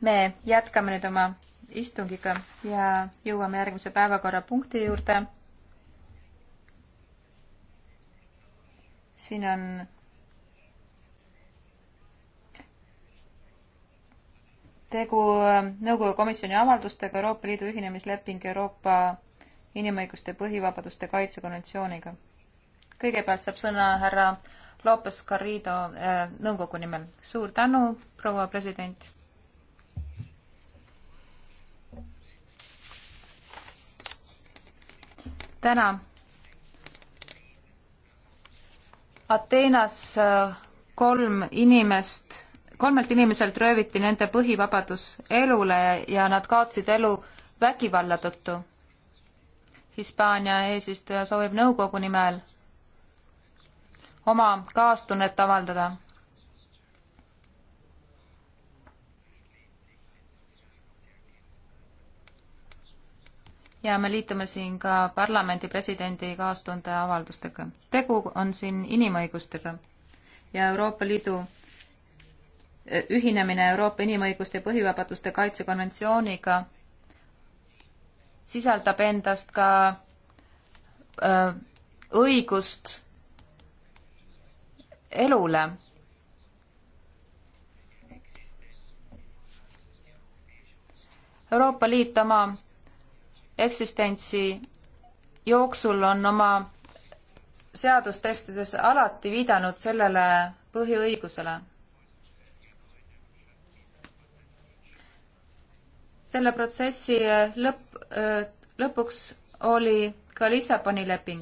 me jätkame nüüd oma istungiga ja jõuame järgmise päevakorrapunkti juurde. siin on tegu Nõukogu komisjoni avaldustega Euroopa Liidu ühinemisleping Euroopa inimõiguste põhivabaduste kaitsekonventsiooniga. kõigepealt saab sõna härra Lopez Garrido äh, nõukogu nimel. suur tänu, proua president. täna Ateenas äh, kolm inimest, kolmelt inimeselt rööviti nende põhivabadus elule ja nad kaotsid elu vägivalla tõttu. Hispaania eesistuja soovib nõukogu nimel oma kaastunnet avaldada. ja me liitume siin ka parlamendi presidendi kaastunde avaldustega. tegu on siin inimõigustega ja Euroopa Liidu e, ühinemine Euroopa inimõiguste ja põhivabaduste kaitsekonventsiooniga sisaldab endast ka öö, e, õigust elule. Euroopa Liit oma eksistentsi jooksul on oma seadustekstides alati viidanud sellele põhiõigusele. selle protsessi lõpp, lõpuks oli ka Lissaboni leping.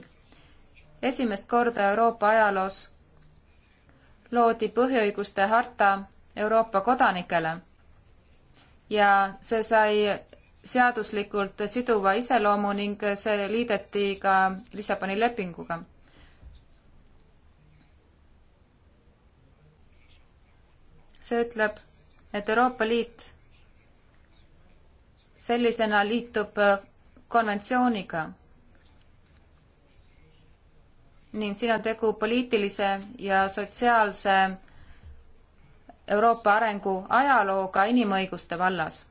esimest korda Euroopa ajaloos loodi põhiõiguste harta Euroopa kodanikele ja see sai seaduslikult siduva iseloomu ning see liideti ka Lissaboni lepinguga. see ütleb, et Euroopa Liit sellisena liitub konventsiooniga ning siin on tegu poliitilise ja sotsiaalse Euroopa arengu ajalooga inimõiguste vallas.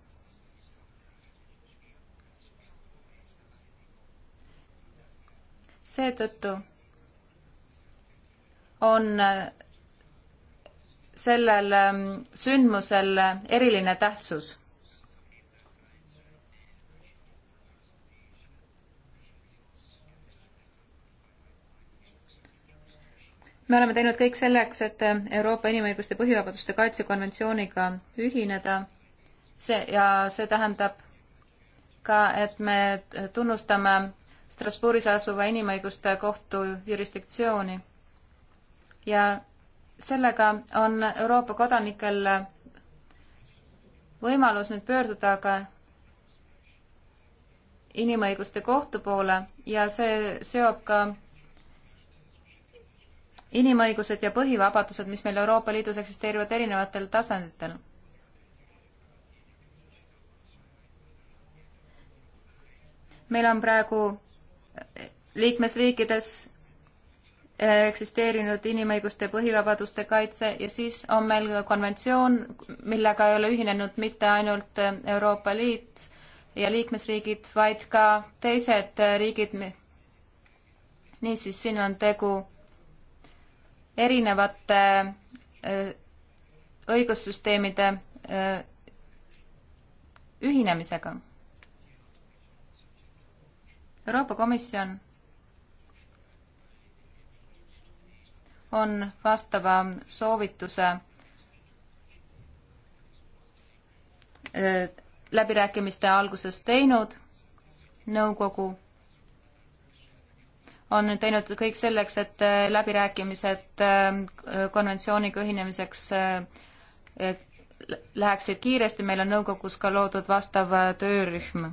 seetõttu on sellel ähm, sündmusel eriline tähtsus me oleme teinud kõik selleks, et Euroopa Inimõiguste Põhivabaduste Kaitsekonventsiooniga ühineda. see ja see tähendab ka, et me tunnustame Strasbourgis asuva inimõiguste kohtu jurisdiktsiooni. ja sellega on Euroopa kodanikel võimalus nüüd pöörduda ka inimõiguste kohtu poole ja see seob ka inimõigused ja põhivabadused, mis meil Euroopa Liidus eksisteerivad erinevatel tasanditel. meil on praegu liikmesriikides eh, eksisteerinud inimõiguste ja põhivabaduste kaitse ja siis on meil konventsioon, millega ei ole ühinenud mitte ainult eh, Euroopa Liit ja liikmesriigid, vaid ka teised eh, riigid. niisiis, siin on tegu erinevate äh, õigussüsteemide äh, ühinemisega. Euroopa Komisjon on vastava soovituse äh, läbirääkimiste alguses teinud nõukogu on nüüd teinud kõik selleks, et äh, läbirääkimised äh, konventsiooniga ühinemiseks äh, läheksid kiiresti, meil on nõukogus ka loodud vastav töörühm.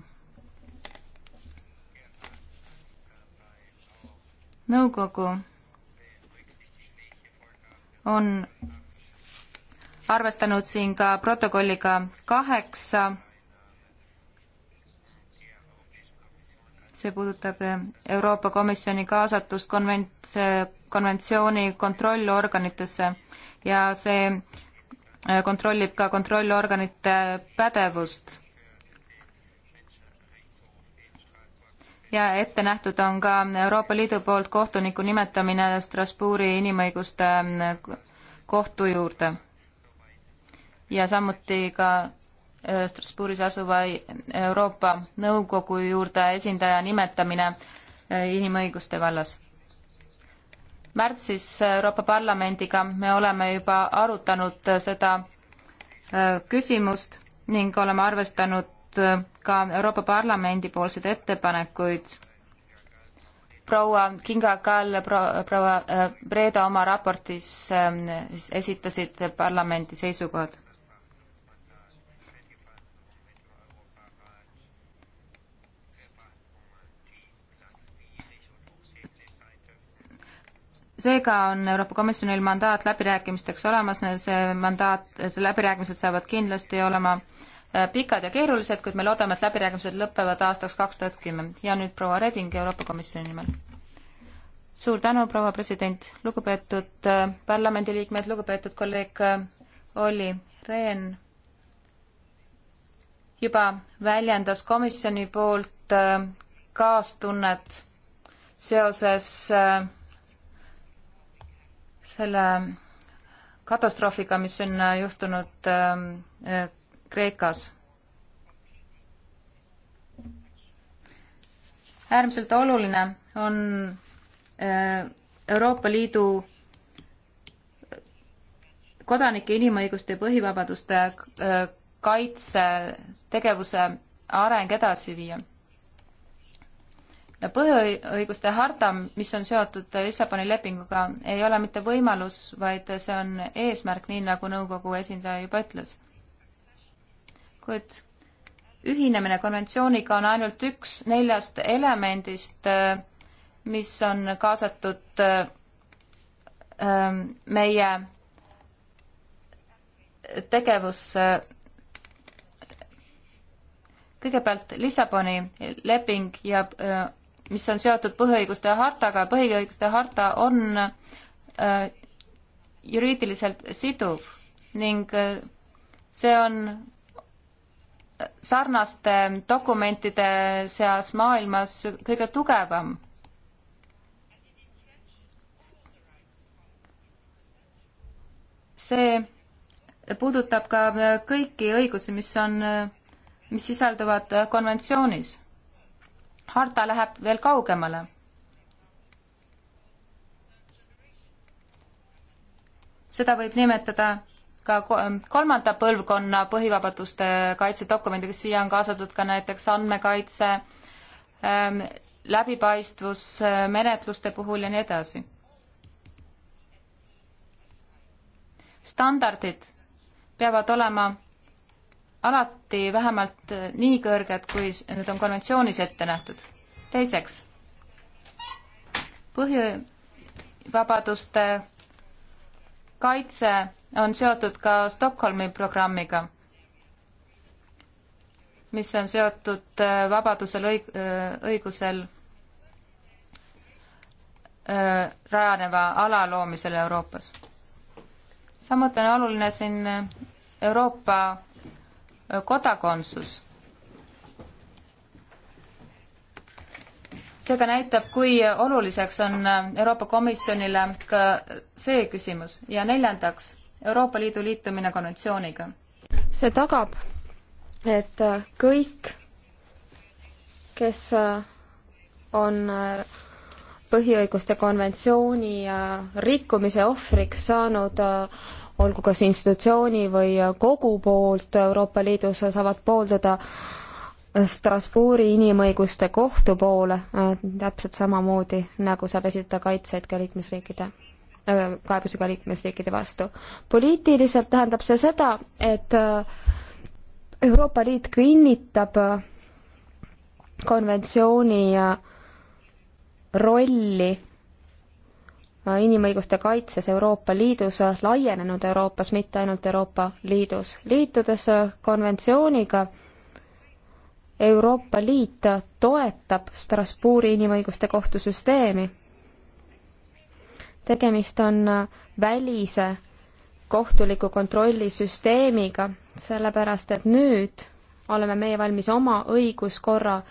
nõukogu on arvestanud siin ka protokolliga kaheksa see puudutab eh, Euroopa Komisjoni kaasatust konvents-, konventsiooni kontrollorganitesse ja see eh, kontrollib ka kontrollorganite pädevust. ja ette nähtud on ka Euroopa Liidu poolt kohtuniku nimetamine Strasbourgi inimõiguste eh, kohtu juurde. ja samuti ka Strasbourgis asuva Euroopa Nõukogu juurde esindaja nimetamine eh, inimõiguste vallas. märtsis Euroopa Parlamendiga me oleme juba arutanud eh, seda eh, küsimust ning oleme arvestanud ka Euroopa Parlamendi poolseid ettepanekuid. proua Kinga Kall, proua Breda oma raportis esitasid parlamendi seisukohad seega on Euroopa Komisjonil mandaat läbirääkimisteks olemas, see mandaat, see läbirääkimised saavad kindlasti olema äh, pikad ja keerulised, kuid me loodame, et läbirääkimised lõpevad aastaks kaks tuhat kümme. ja nüüd proua Reding Euroopa Komisjoni nimel. suur tänu, proua president, lugupeetud äh, parlamendiliikmed, lugupeetud kolleeg äh, Olli Rehn juba väljendas komisjoni poolt kaastunnet seoses äh, selle katastroofiga, mis on äh, juhtunud ähm, äh, Kreekas. äärmiselt oluline on äh, Euroopa Liidu kodanike inimõiguste ja põhivabaduste kaitse tegevuse areng edasi viia põhiõiguste harta, mis on seotud Lissaboni lepinguga, ei ole mitte võimalus, vaid see on eesmärk, nii nagu nõukogu esindaja juba ütles. kuid ühinemine konventsiooniga on ainult üks neljast elemendist, mis on kaasatud ähm, meie tegevusse kõigepealt Lissaboni leping ja äh, mis on seotud põhiõiguste hartaga, põhiõiguste harta on äh, juriidiliselt siduv ning äh, see on äh, sarnaste dokumentide seas maailmas kõige tugevam. see puudutab ka kõiki õigusi, mis on, äh, mis sisalduvad konventsioonis harta läheb veel kaugemale. seda võib nimetada ka ähm, kolmanda põlvkonna põhivabaduste kaitsedokumendiga, siia on kaasatud ka näiteks andmekaitse, ähm, läbipaistvus äh, menetluste puhul ja nii edasi. standardid peavad olema alati vähemalt nii kõrged, kui need on konventsioonis ette nähtud. teiseks, põhivabaduste kaitse on seotud ka Stockholmi programmiga, mis on seotud äh, vabadusel õig-, äh, õigusel äh, rajaneva ala loomisele Euroopas. samuti on oluline siin Euroopa kodakondsus. seega näitab, kui oluliseks on Euroopa Komisjonile ka see küsimus ja neljandaks, Euroopa Liidu liitumine konventsiooniga. see tagab, et kõik, kes on põhiõiguste konventsiooni rikkumise ohvriks saanud, olgu kas institutsiooni või kogu poolt Euroopa Liidus, saavad pooldada Strasbourgi inimõiguste kohtu poole täpselt samamoodi, nagu saab esitada kaitseid ka liikmesriikide äh, kaebusi ka liikmesriikide vastu. poliitiliselt tähendab see seda, et äh, Euroopa Liit kinnitab äh, konventsiooni rolli inimõiguste kaitses Euroopa Liidus, laienenud Euroopas, mitte ainult Euroopa Liidus. liitudes konventsiooniga Euroopa Liit toetab Strasbourgi inimõiguste kohtusüsteemi. tegemist on välise kohtuliku kontrollisüsteemiga, sellepärast et nüüd oleme meie valmis oma õiguskorra äh,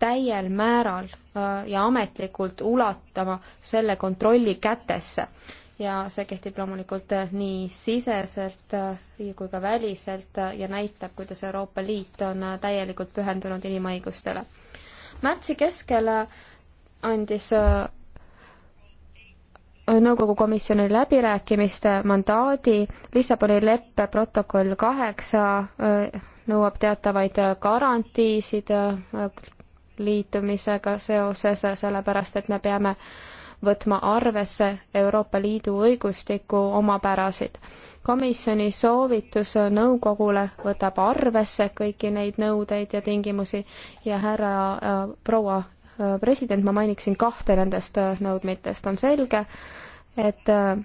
täiel määral äh, ja ametlikult ulatama selle kontrolli kätesse. ja see kehtib loomulikult äh, nii siseselt äh, kui ka väliselt ja näitab, kuidas Euroopa Liit on täielikult pühendunud inimõigustele. märtsi keskel andis nõukogu komisjoni läbirääkimiste mandaadi Lissaboni leppe protokoll kaheksa nõuab teatavaid garantiisid liitumisega seoses, sellepärast et me peame võtma arvesse Euroopa Liidu õigustiku omapärasid. komisjoni soovitus nõukogule võtab arvesse kõiki neid nõudeid ja tingimusi ja härra äh, proua äh, president, ma mainiksin kahte nendest äh, nõudmitest, on selge, et äh,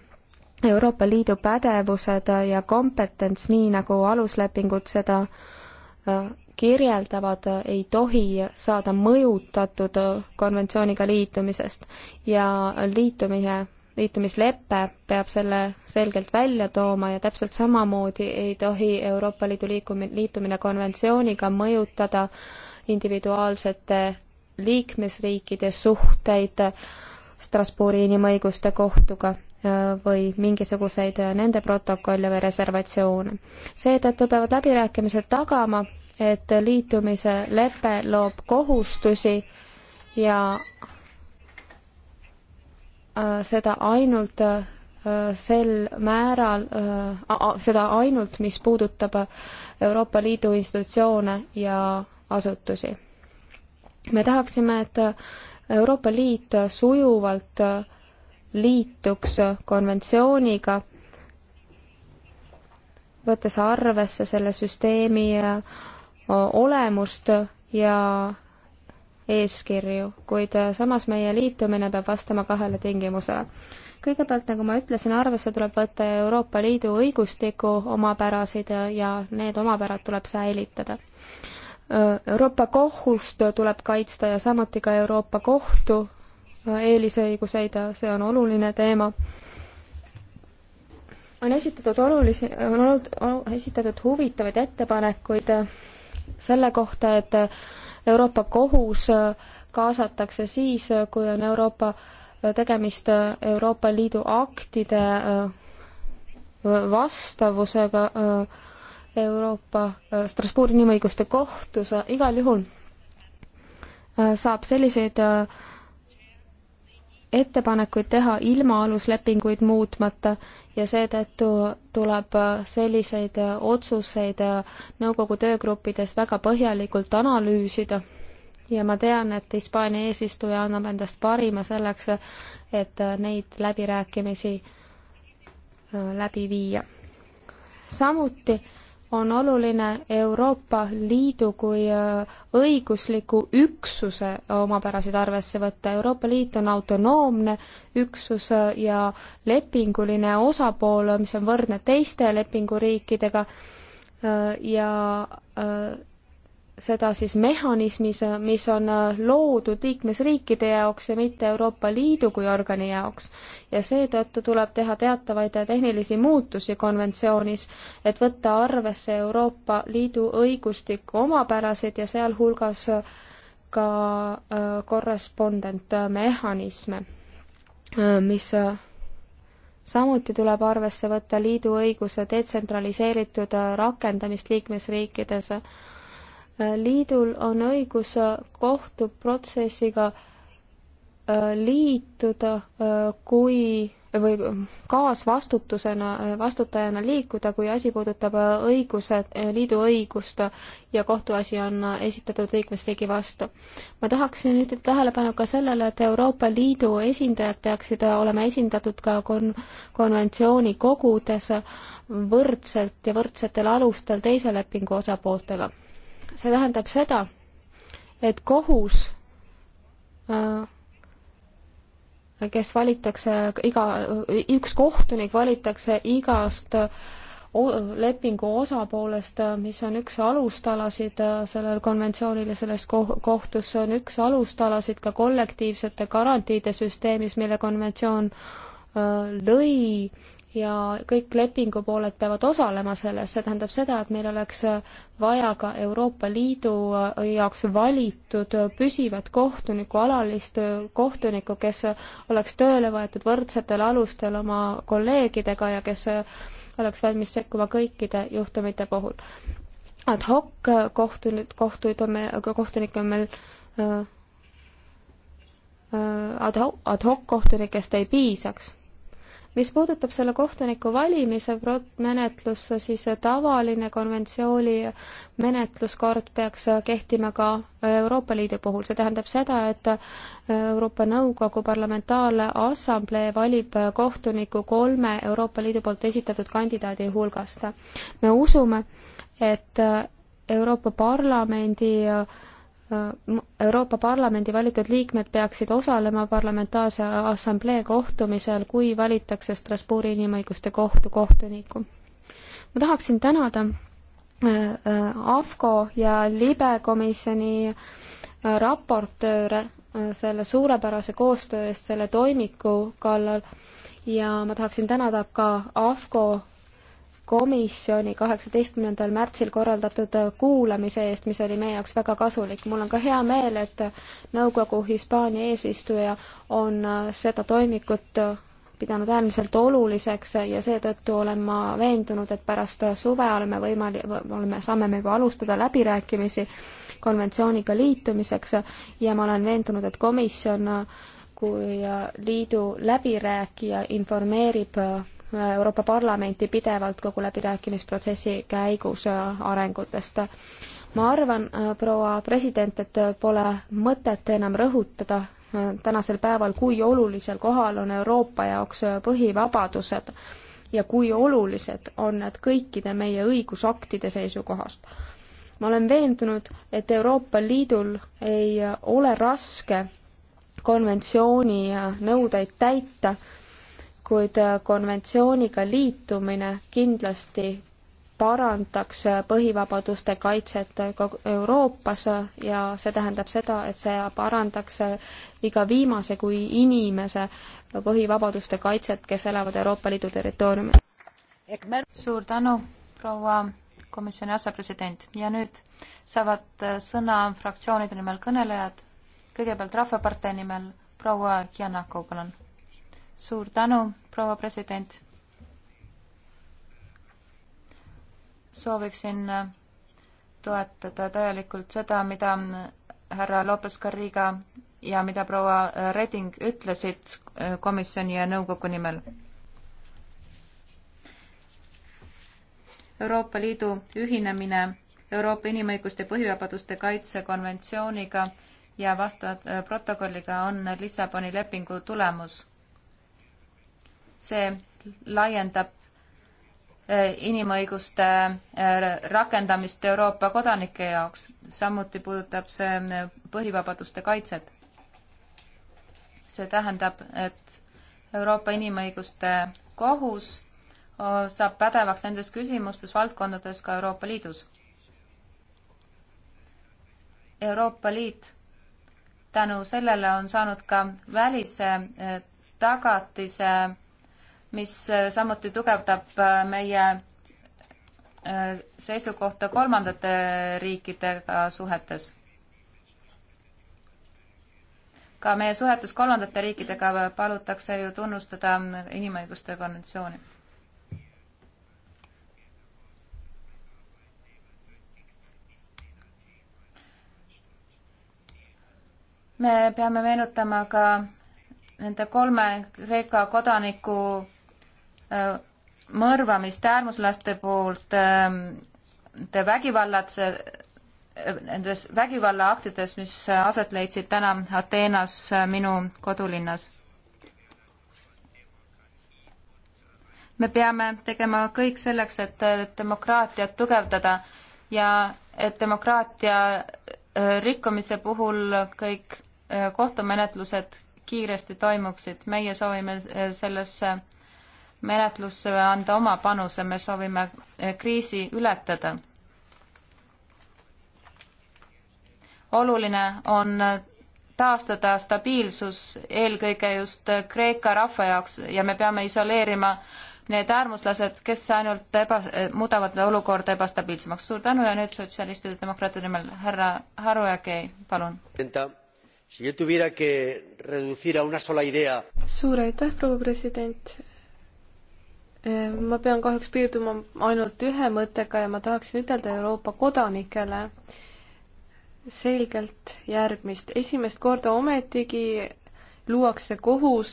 Euroopa Liidu pädevused ja kompetents, nii nagu aluslepingud seda äh, kirjeldavad, ei tohi saada mõjutatud konventsiooniga liitumisest ja liitumine, liitumislepe peab selle selgelt välja tooma ja täpselt samamoodi ei tohi Euroopa Liidu liikumine, liitumine konventsiooniga mõjutada individuaalsete liikmesriikide suhteid Strasbourgi inimõiguste kohtuga äh, või mingisuguseid nende protokolle või reservatsioone. seetõttu peavad läbirääkimised tagama, et liitumise lepe loob kohustusi ja äh, seda ainult äh, sel määral, äh, seda ainult, mis puudutab Euroopa Liidu institutsioone ja asutusi. me tahaksime, et Euroopa Liit sujuvalt liituks konventsiooniga, võttes arvesse selle süsteemi olemust ja eeskirju, kuid samas meie liitumine peab vastama kahele tingimusele. kõigepealt, nagu ma ütlesin, arvesse tuleb võtta Euroopa Liidu õigustiku omapärasid ja need omapärad tuleb säilitada. Euroopa Kohust tuleb kaitsta ja samuti ka Euroopa Kohtu eelisõiguseid, see on oluline teema. on esitatud olulisi, on olnud esitatud huvitavaid ettepanekuid selle kohta, et Euroopa Kohus kaasatakse siis, kui on Euroopa, tegemist Euroopa Liidu aktide äh, vastavusega äh, Euroopa äh, Strasbourgi inimõiguste kohtus, igal juhul saab selliseid ettepanekuid teha ilma aluslepinguid muutmata ja seetõttu tuleb selliseid otsuseid nõukogu töögruppides väga põhjalikult analüüsida. ja ma tean, et Hispaania eesistuja annab endast parima selleks, et neid läbirääkimisi läbi viia. samuti on oluline Euroopa Liidu kui äh, õigusliku üksuse omapärasid arvesse võtta. Euroopa Liit on autonoomne üksus äh, ja lepinguline osapool, mis on võrdne teiste lepinguriikidega äh, ja seda siis mehhanismis, mis on äh, loodud liikmesriikide jaoks ja mitte Euroopa Liidu kui organi jaoks. ja seetõttu tuleb teha teatavaid tehnilisi muutusi konventsioonis, et võtta arvesse Euroopa Liidu õigustiku omapärasid ja sealhulgas äh, ka äh, korrespondentmehhanisme, mis samuti tuleb arvesse võtta liidu õiguse detsentraliseeritud rakendamist liikmesriikides liidul on õigus kohtuprotsessiga äh, liituda, äh, kui või kaasvastutusena, äh, vastutajana liikuda, kui asi puudutab õiguse, liidu õigust ja kohtuasi on esitatud liikmesriigi vastu. ma tahaksin juhtida tähelepanu ka sellele, et Euroopa Liidu esindajad peaksid olema esindatud ka kon-, konventsiooni kogudes võrdselt ja võrdsetel alustel teise lepingu osapooltega see tähendab seda, et kohus, äh, kes valitakse iga, üks kohtunik valitakse igast lepingu osapoolest, äh, mis on üks alustalasid äh, sellel konventsioonil ja selles kohtus, see on üks alustalasid ka kollektiivsete garantiide süsteemis, mille konventsioon lõi ja kõik lepingupooled peavad osalema selles, see tähendab seda, et meil oleks vaja ka Euroopa Liidu jaoks valitud püsivat kohtunikku, alalist kohtunikku, kes oleks tööle võetud võrdsetel alustel oma kolleegidega ja kes oleks valmis sekkuma kõikide juhtumite puhul. ad hoc kohtunik, kohtuid on meil, kohtunikke on meil äh, äh, ad hoc, ad hoc kohtunikest ei piisaks mis puudutab selle kohtuniku valimise menetlusse, siis tavaline konventsiooni menetluskord peaks kehtima ka Euroopa Liidu puhul, see tähendab seda, et Euroopa Nõukogu Parlamentaarne Assamblee valib kohtuniku kolme Euroopa Liidu poolt esitatud kandidaadi hulgast. me usume, et Euroopa Parlamendi Äh, Euroopa Parlamendi valitud liikmed peaksid osalema parlamentaarse assamblee kohtumisel, kui valitakse Strasbourgi inimõiguste kohtu kohtunikku. ma tahaksin tänada äh, äh, AFCO ja libe komisjoni raportööre selle suurepärase koostöö eest selle toimiku kallal ja ma tahaksin tänada ka AFCO komisjoni kaheksateistkümnendal märtsil korraldatud äh, kuulamise eest, mis oli meie jaoks väga kasulik. mul on ka hea meel, et äh, nõukogu Hispaania eesistuja on äh, seda toimikut pidanud äärmiselt oluliseks ja seetõttu olen ma veendunud, et pärast suve oleme võimali-, oleme, saame me juba alustada läbirääkimisi konventsiooniga liitumiseks ja ma olen veendunud, et komisjon kui liidu läbirääkija informeerib Euroopa Parlamenti pidevalt kogu läbirääkimisprotsessi käigus äh, arengutest. ma arvan, äh, proua president, et pole mõtet enam rõhutada äh, tänasel päeval, kui olulisel kohal on Euroopa jaoks põhivabadused ja kui olulised on need kõikide meie õigusaktide seisukohast. ma olen veendunud, et Euroopa Liidul ei ole raske konventsiooni nõudeid täita kuid äh, konventsiooniga liitumine kindlasti parandaks äh, põhivabaduste kaitset äh, Euroopas ja see tähendab seda, et see parandaks iga viimase kui inimese põhivabaduste kaitset, kes elavad Euroopa Liidu territooriumil. suur tänu, proua komisjoni asepresident ja nüüd saavad sõna fraktsioonide nimel kõnelejad. kõigepealt Rahvapartei nimel proua Janakov, palun suur tänu, proua president. sooviksin äh, toetada täielikult seda, mida äh, härra Lopez Garriga ja mida proua äh, Reding ütlesid komisjoni ja nõukogu nimel. Euroopa Liidu ühinemine Euroopa inimõiguste põhivabaduste kaitse konventsiooniga ja vastava protokolliga on Lissaboni lepingu tulemus see laiendab äh, inimõiguste äh, rakendamist Euroopa kodanike jaoks, samuti puudutab see äh, põhivabaduste kaitset. see tähendab, et Euroopa Inimõiguste Kohus saab pädevaks nendes küsimustes valdkondades ka Euroopa Liidus. Euroopa Liit tänu sellele on saanud ka välise tagatise mis äh, samuti tugevdab äh, meie äh, seisukohta kolmandate riikidega suhetes. ka meie suhetes kolmandate riikidega palutakse ju tunnustada inimõiguste konventsiooni. me peame meenutama ka nende kolme Kreeka kodaniku mõrvamist äärmuslaste poolt, ähm, vägivallatse, nendes vägivallaaktides, mis aset leidsid täna Ateenas, äh, minu kodulinnas. me peame tegema kõik selleks, et äh, demokraatiat tugevdada ja et demokraatia äh, rikkumise puhul kõik kohtumenetlused kiiresti toimuksid. meie soovime sellesse menetlusse anda oma panuse, me soovime eh, kriisi ületada. oluline on taastada stabiilsus eelkõige just Kreeka rahva jaoks ja me peame isoleerima need äärmuslased, kes ainult eba, muudavad olukorda ebastabiilsemaks. suur tänu ja nüüd sotsialistide demokraatide nimel härra Haru Jagei, palun. suur aitäh, proua president ma pean kahjuks piirduma ainult ühe mõttega ja ma tahaksin ütelda Euroopa kodanikele selgelt järgmist. esimest korda ometigi luuakse kohus,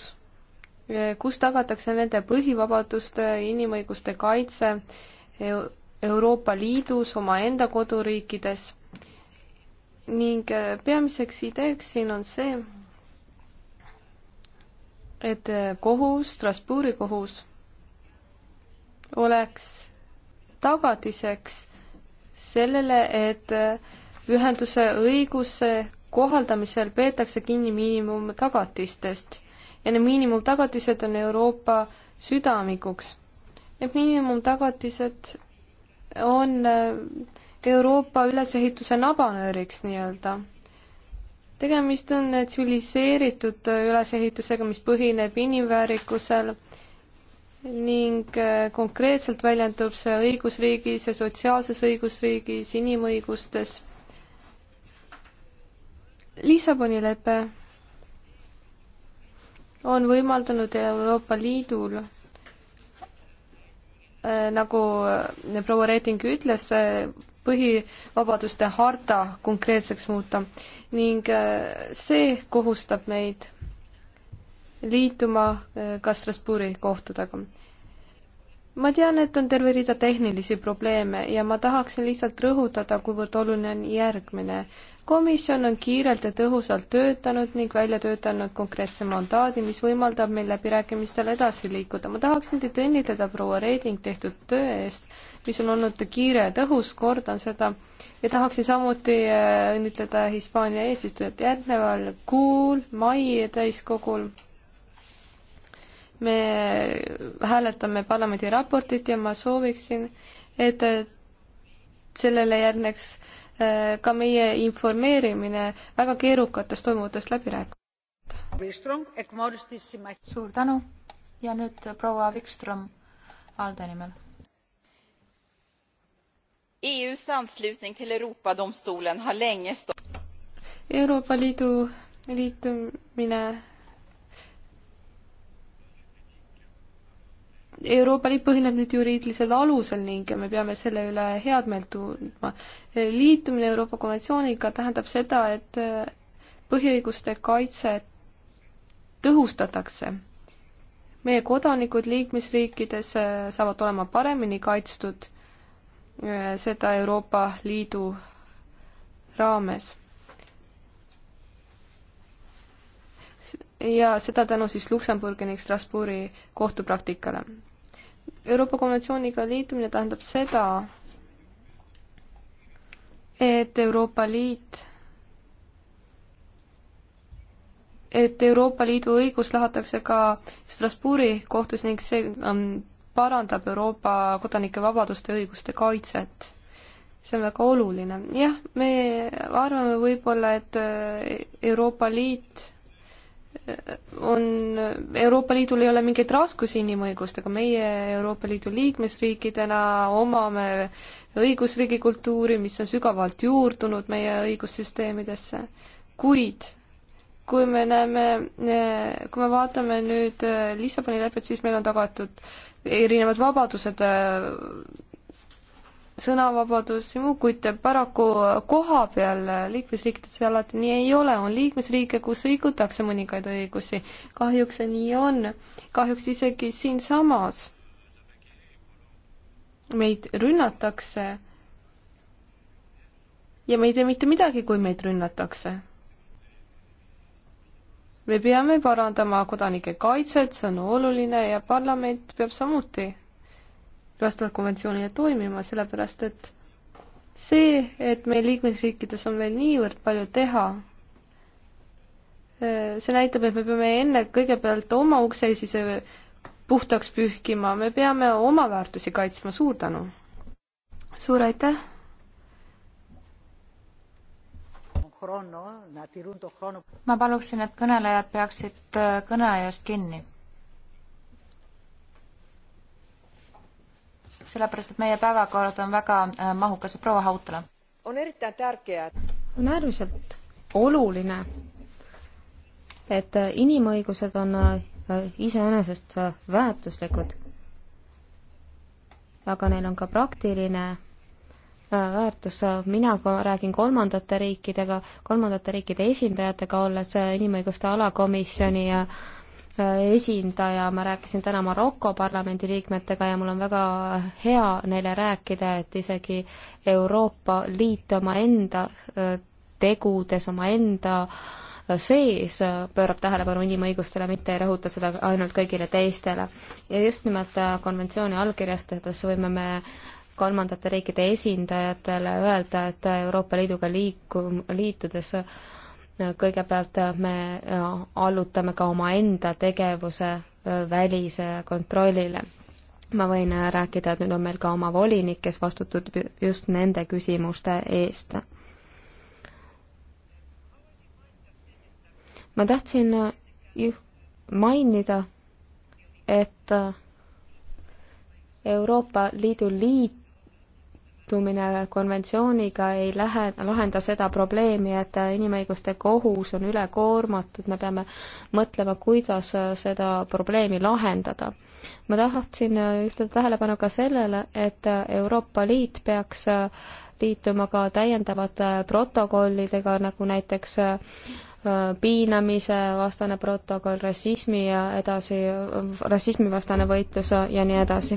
kus tagatakse nende põhivabaduste, inimõiguste kaitse Euroopa Liidus, omaenda koduriikides. ning peamiseks ideeks siin on see, et kohus, Strasbourgi kohus oleks tagatiseks sellele, et ühenduse õiguse kohaldamisel peetakse kinni miinimumtagatistest ja need miinimumtagatised on Euroopa südamikuks. Need miinimumtagatised on äh, Euroopa ülesehituse nabanööriks nii-öelda tegemist on tsiviliseeritud äh, ülesehitusega, mis põhineb inimväärikusel ning äh, konkreetselt väljendub see õigusriigis ja sotsiaalses õigusriigis, inimõigustes. Lissaboni lepe on võimaldanud Euroopa Liidul äh, nagu äh, proua Reiting ütles, põhivabaduste harta konkreetseks muuta ning see kohustab meid liituma äh, ka Strasbourgi kohtadega. ma tean, et on terve rida tehnilisi probleeme ja ma tahaksin lihtsalt rõhutada, kuivõrd oluline on järgmine. komisjon on kiirelt ja tõhusalt töötanud ning välja töötanud konkreetse mandaadi, mis võimaldab meil läbirääkimistel edasi liikuda. ma tahaksin teid õnnitleda, proua Reeding, tehtud töö eest, mis on olnud kiire ja tõhus, kordan seda, ja tahaksin samuti äh, õnnitleda Hispaania eesistujat järgneval kuul mai täiskogul me hääletame parlamendi raportit ja ma sooviksin, et sellele järgneks äh, ka meie informeerimine väga keerukatest toimuvatest läbirääkimistest. suur tänu ja nüüd proua Wikström ALDE nimel. EUs anslutning till Euroopadomstolen har länge stått Euroopa Liidu liitumine Euroopa Liit põhineb nüüd juriidilisel alusel ning me peame selle üle head meelt tundma. liitumine Euroopa konventsiooniga tähendab seda, et äh, põhiõiguste kaitse tõhustatakse. meie kodanikud liikmesriikides äh, saavad olema paremini kaitstud äh, seda Euroopa Liidu raames ja seda tänu siis Luksemburgi ning Strasbourgi kohtupraktikale. Euroopa konventsiooniga liitumine tähendab seda, et Euroopa Liit, et Euroopa Liidu õigus lahatakse ka Strasbourgi kohtus ning see um, parandab Euroopa kodanike vabaduste ja õiguste kaitset. see on väga oluline. jah, me arvame võib-olla, et äh, Euroopa Liit on, Euroopa Liidul ei ole mingeid raskusi inimõigustega, meie Euroopa Liidu liikmesriikidena omame õigusriigi kultuuri, mis on sügavalt juurdunud meie õigussüsteemidesse, kuid kui me näeme, kui me vaatame nüüd Lissaboni lepet, siis meil on tagatud erinevad vabadused sõnavabadus ja muu, kuid paraku koha peal liikmesriikides see alati nii ei ole, on liikmesriike, kus rikutakse mõningaid õigusi. kahjuks see nii on, kahjuks isegi siinsamas meid rünnatakse ja me ei tee mitte midagi, kui meid rünnatakse. me peame parandama kodanike kaitset, see on oluline ja parlament peab samuti vastavalt konventsioonile toimima, sellepärast et see, et meil liikmesriikides on veel niivõrd palju teha, äh, see näitab, et me peame enne kõigepealt oma ukse sisse puhtaks pühkima, me peame oma väärtusi kaitsma, suur tänu! suur aitäh! ma paluksin, et kõnelejad peaksid äh, kõneajast kinni sellepärast et meie päevakord on väga äh, mahukas. proua Hautala. on eriti tärkeä. on äärmiselt oluline, et äh, inimõigused on äh, iseenesest väärtuslikud, aga neil on ka praktiline väärtus, mina ka räägin kolmandate riikidega, kolmandate riikide esindajatega, olles inimõiguste alakomisjoni esindaja, ma rääkisin täna Maroko parlamendi liikmetega ja mul on väga hea neile rääkida, et isegi Euroopa Liit omaenda äh, tegudes, omaenda äh, sees pöörab tähelepanu inimõigustele, mitte ei rõhuta seda ainult kõigile teistele. ja just nimelt äh, konventsiooni allkirjastades võime me kolmandate riikide esindajatele öelda, et Euroopa Liiduga liiku-, liitudes kõigepealt äh, me äh, allutame ka omaenda tegevuse äh, välise kontrollile. ma võin rääkida, et nüüd on meil ka oma volinik, kes vastutab just nende küsimuste eest. ma tahtsin mainida, et Euroopa Liidu liit liitumine konventsiooniga ei lähe, lahenda seda probleemi, et inimõiguste kohus on ülekoormatud, me peame mõtlema, kuidas seda probleemi lahendada. ma tahtsin juhtida tähelepanu ka sellele, et Euroopa Liit peaks liituma ka täiendavate protokollidega, nagu näiteks Äh, piinamise vastane protokoll, rassismi ja edasi, rassismi vastane võitlus ja nii edasi.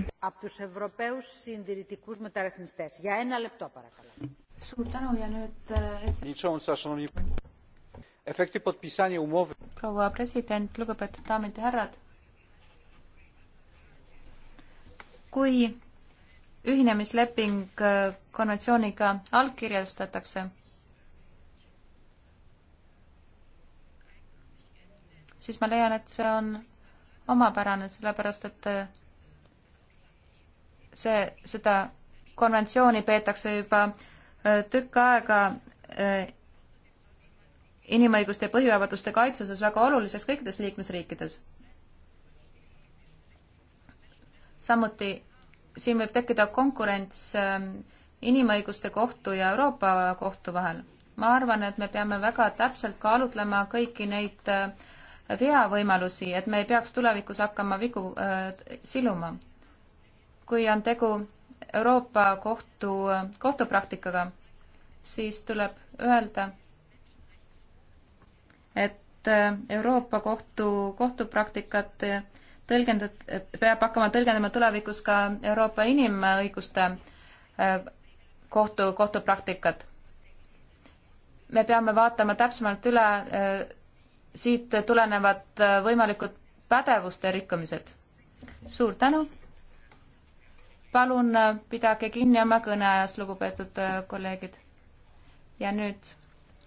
suur tänu ja nüüd äh, proua president, lugupeetud daamid ja härrad. kui ühinemisleping äh, konventsiooniga allkirjastatakse siis ma leian, et see on omapärane, sellepärast et äh, see, seda konventsiooni peetakse juba äh, tükk aega äh, inimõiguste ja põhivabaduste kaitsuses väga oluliseks kõikides liikmesriikides. samuti siin võib tekkida konkurents inimõiguste kohtu ja Euroopa kohtu vahel. ma arvan, et me peame väga täpselt kaalutlema kõiki neid äh, veavõimalusi, et me ei peaks tulevikus hakkama vigu äh, siluma. kui on tegu Euroopa kohtu, kohtupraktikaga, siis tuleb öelda, et äh, Euroopa kohtu, kohtupraktikat äh, tõlgendat-, peab hakkama tõlgendama tulevikus ka Euroopa inimõiguste äh, kohtu, kohtupraktikat. me peame vaatama täpsemalt üle siit tulenevad äh, võimalikud pädevuste rikkumised. suur tänu. palun äh, pidage kinni oma kõneajast, lugupeetud äh, kolleegid. ja nüüd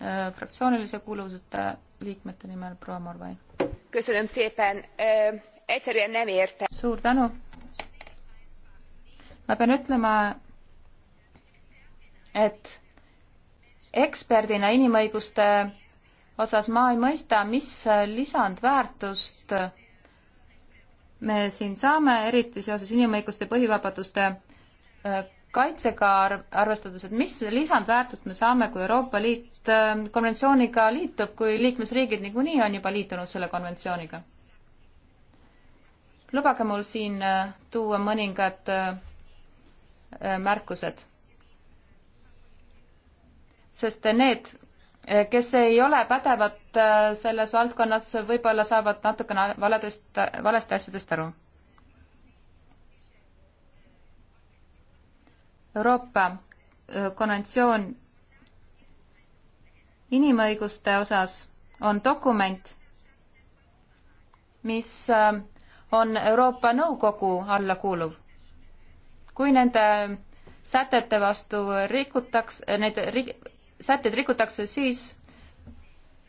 äh, fraktsioonilise kuuluvuseta liikmete nimel proua Morvai. suur tänu. ma pean ütlema, et eksperdina inimõiguste osas ma ei mõista, mis lisandväärtust me siin saame, eriti seoses inimõiguste põhivabaduste äh, kaitsega arvestades, et mis lisandväärtust me saame, kui Euroopa Liit äh, konventsiooniga liitub, kui liikmesriigid niikuinii on juba liitunud selle konventsiooniga? lubage mul siin äh, tuua mõningad märkused, sest need Eh, kes ei ole pädevad eh, selles valdkonnas, võib-olla saavad natukene valedest, valest asjadest aru. Euroopa eh, konventsioon inimõiguste osas on dokument, mis on Euroopa Nõukogu alla kuuluv. kui nende sätete vastu rikutaks, neid sätteid rikutakse, siis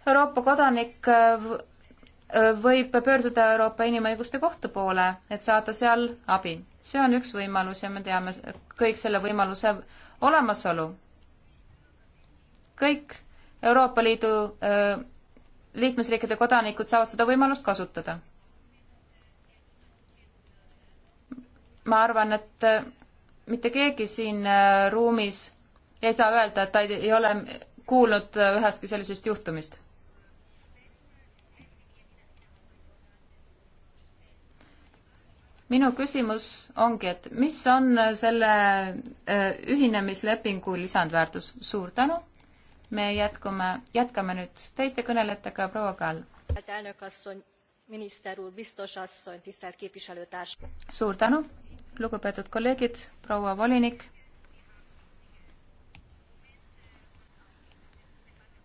Euroopa kodanik äh, äh, võib pöörduda Euroopa Inimõiguste Kohtu poole, et saada seal abi. see on üks võimalus ja me teame kõik selle võimaluse olemasolu. kõik Euroopa Liidu öö, äh, liikmesriikide kodanikud saavad seda võimalust kasutada. ma arvan, et mitte keegi siin ruumis ei saa öelda, et ta ei ole kuulnud ühestki sellisest juhtumist. minu küsimus ongi, et mis on selle äh, ühinemislepingu lisandväärtus? suur tänu. me jätkume, jätkame nüüd teiste kõnelejatega, proua Kall. suur tänu, lugupeetud kolleegid, proua volinik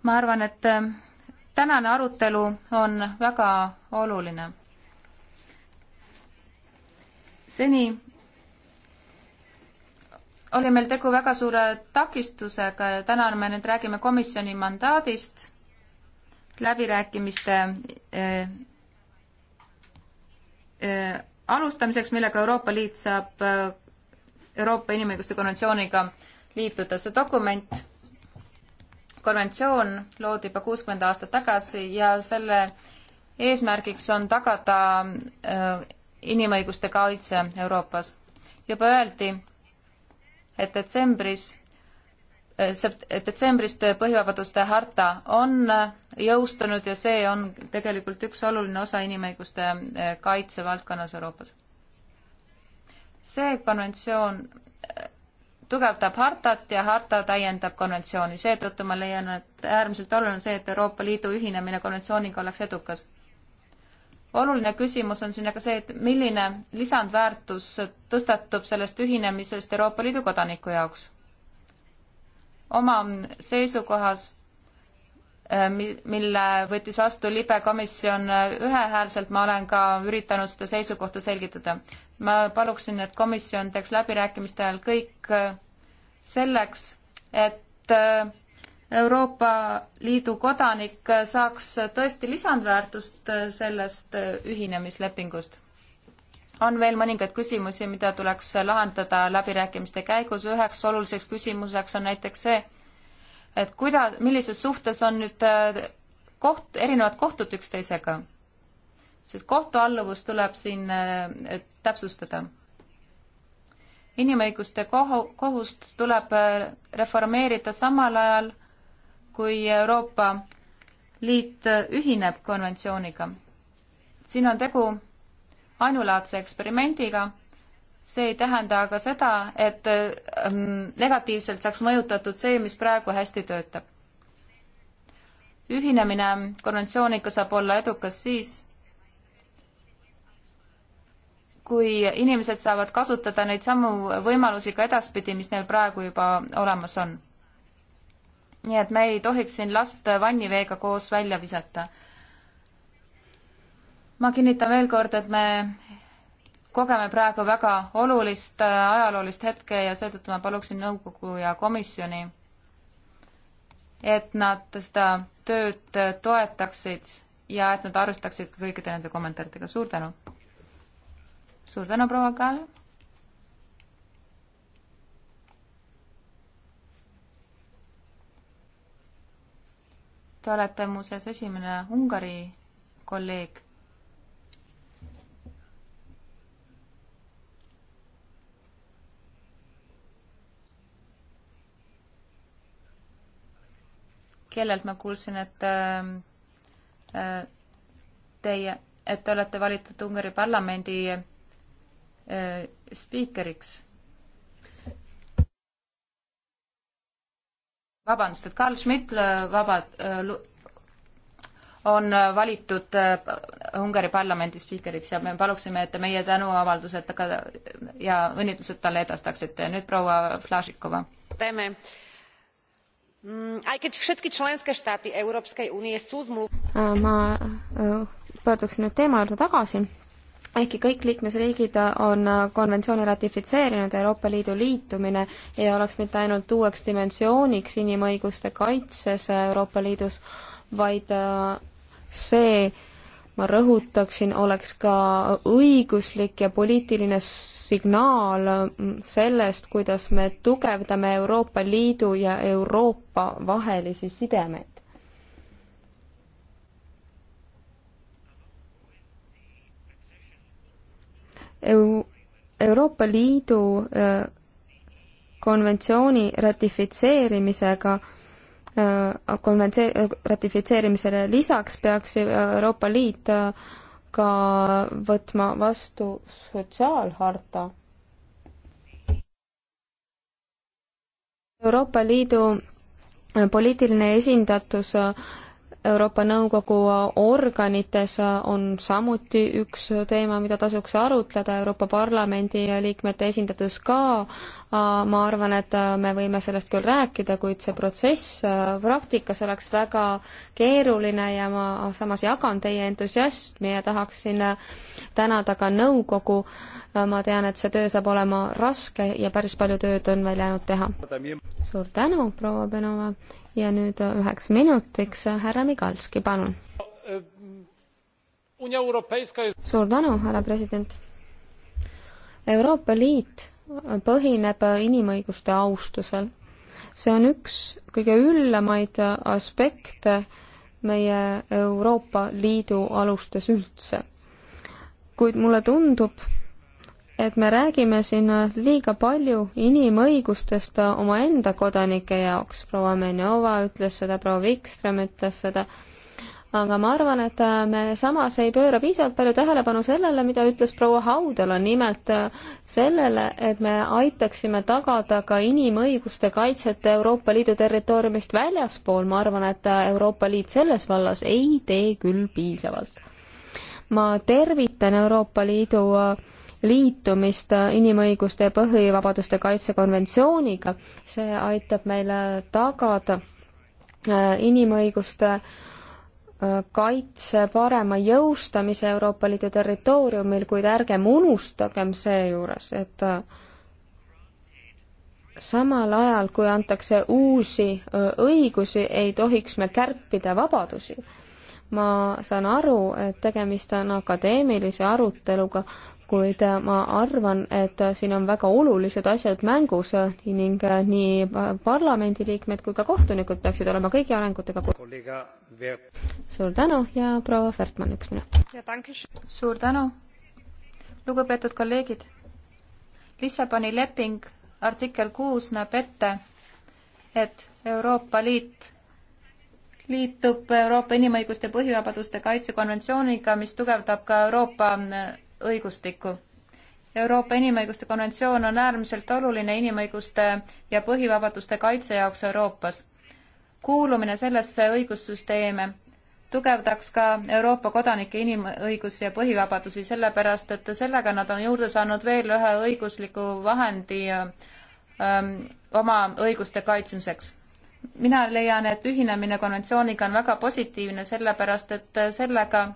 ma arvan, et äh, tänane arutelu on väga oluline. seni oli meil tegu väga suure takistusega ja täna me nüüd räägime komisjoni mandaadist, läbirääkimiste äh, äh, alustamiseks, millega Euroopa Liit saab äh, Euroopa Inimõiguste Konventsiooniga liituda. see dokument konventsioon loodi juba kuuskümmend aastat tagasi ja selle eesmärgiks on tagada äh, inimõiguste kaitse Euroopas. juba öeldi, et detsembris äh, detsembrist põhivabaduste harta on äh, jõustunud ja see on tegelikult üks oluline osa inimõiguste kaitse valdkonnas Euroopas. see konventsioon tugevdab hartat ja harta täiendab konventsiooni. seetõttu ma leian, et äärmiselt oluline on see, et Euroopa Liidu ühinemine konventsiooniga oleks edukas. oluline küsimus on siin aga see, et milline lisandväärtus tõstatub sellest ühinemisest Euroopa Liidu kodaniku jaoks. oma seisukohas, äh, mille võttis vastu libe komisjon äh, ühehäälselt, ma olen ka üritanud seda seisukohta selgitada ma paluksin, et komisjon teeks läbirääkimiste ajal kõik äh, selleks, et äh, Euroopa Liidu kodanik saaks tõesti lisandväärtust äh, sellest ühinemislepingust. on veel mõningaid küsimusi, mida tuleks lahendada läbirääkimiste käigus, üheks oluliseks küsimuseks on näiteks see, et kuida-, millises suhtes on nüüd koht, erinevad kohtud üksteisega sest kohtualluvus tuleb siin äh, täpsustada. inimõiguste kohu, kohust tuleb äh, reformeerida samal ajal, kui Euroopa Liit äh, ühineb konventsiooniga. siin on tegu ainulaadse eksperimendiga, see ei tähenda aga seda, et negatiivselt saaks mõjutatud see, mis praegu hästi töötab. ühinemine konventsiooniga saab olla edukas siis, kui inimesed saavad kasutada neid samu võimalusi ka edaspidi, mis neil praegu juba olemas on. nii et me ei tohiks siin last vanniveega koos välja visata. ma kinnitan veel kord, et me kogeme praegu väga olulist ajaloolist hetke ja seetõttu ma paluksin nõukogu ja komisjoni, et nad seda tööd toetaksid ja et nad arvestaksid kõikide nende kommentaaridega. suur tänu! suur tänu, proua Kall. Te olete muuseas esimene Ungari kolleeg. kellelt ma kuulsin, et äh, äh teie, et te olete valitud Ungari parlamendi Äh, spiikeriks. vabandust, et Carl Schmidt äh, vabad, äh, on valitud Ungari parlamendi spiikeriks ja me paluksime, et te meie tänuavaldused ka ja õnnitlused talle edastaksite. nüüd proua Flašikova. teeme. Mm, aj keď všetky členské štáty Európskej únie sú zmluv... ma pöörduksin nüüd teema juurde tagasi ehkki kõik liikmesriigid on konventsiooni ratifitseerinud, Euroopa Liidu liitumine ei oleks mitte ainult uueks dimensiooniks inimõiguste kaitses Euroopa Liidus, vaid äh, see, ma rõhutaksin, oleks ka õiguslik ja poliitiline signaal mm, sellest, kuidas me tugevdame Euroopa Liidu ja Euroopa vahelisi sidemeid. Euroopa Liidu äh, konventsiooni ratifitseerimisega äh, konventsioon, ratifitseerimisele lisaks peaks äh, Euroopa Liit ka võtma vastu sotsiaalharta. Euroopa Liidu poliitiline esindatus Euroopa Nõukogu organites on samuti üks teema, mida tasuks arutleda, Euroopa Parlamendi liikmete esindatus ka. ma arvan, et me võime sellest küll rääkida, kuid see protsess praktikas oleks väga keeruline ja ma samas jagan teie entusiasmi ja tahaksin tänada ka nõukogu. ma tean, et see töö saab olema raske ja päris palju tööd on veel jäänud teha. suur tänu, proua Benova ja nüüd äh, üheks minutiks äh, härra Migalski, palun. suur tänu, härra president. Euroopa Liit põhineb äh, inimõiguste austusel. see on üks kõige üllamaid aspekte meie Euroopa Liidu alustes üldse. kuid mulle tundub, et me räägime siin liiga palju inimõigustest omaenda kodanike jaoks. proua Menova ütles seda, proua Wikström ütles seda, aga ma arvan, et me samas ei pööra piisavalt palju tähelepanu sellele, mida ütles proua Haudala, nimelt sellele, et me aitaksime tagada ka inimõiguste kaitset Euroopa Liidu territooriumist väljaspool. ma arvan, et Euroopa Liit selles vallas ei tee küll piisavalt. ma tervitan Euroopa Liidu äh, liitumist inimõiguste ja põhivabaduste kaitsekonventsiooniga. see aitab meile tagada äh, inimõiguste äh, kaitse parema jõustamise Euroopa Liidu territooriumil, kuid ärgem unustagem seejuures, et äh, samal ajal, kui antakse uusi õigusi, ei tohiks me kärpida vabadusi. ma saan aru, et tegemist on akadeemilise aruteluga, kuid äh, ma arvan, et äh, siin on väga olulised asjad mängus äh, ning nii parlamendiliikmed kui ka kohtunikud peaksid olema kõigi arengutega suur tänu ja proua Fertmann, üks minut. suur tänu. lugupeetud kolleegid, Lissaboni leping artikkel kuus näeb ette, et Euroopa Liit liitub Euroopa Inimõiguste Põhivabaduste Kaitse konventsiooniga, mis tugevdab ka Euroopa õigustikku. Euroopa Inimõiguste konventsioon on äärmiselt oluline inimõiguste ja põhivabaduste kaitse jaoks Euroopas. kuulumine sellesse õigussüsteemi tugevdaks ka Euroopa kodanike inimõigusi ja põhivabadusi, sellepärast et sellega nad on juurde saanud veel ühe õigusliku vahendi öö, ähm, oma õiguste kaitsmiseks. mina leian, et ühinemine konventsiooniga on väga positiivne, sellepärast et sellega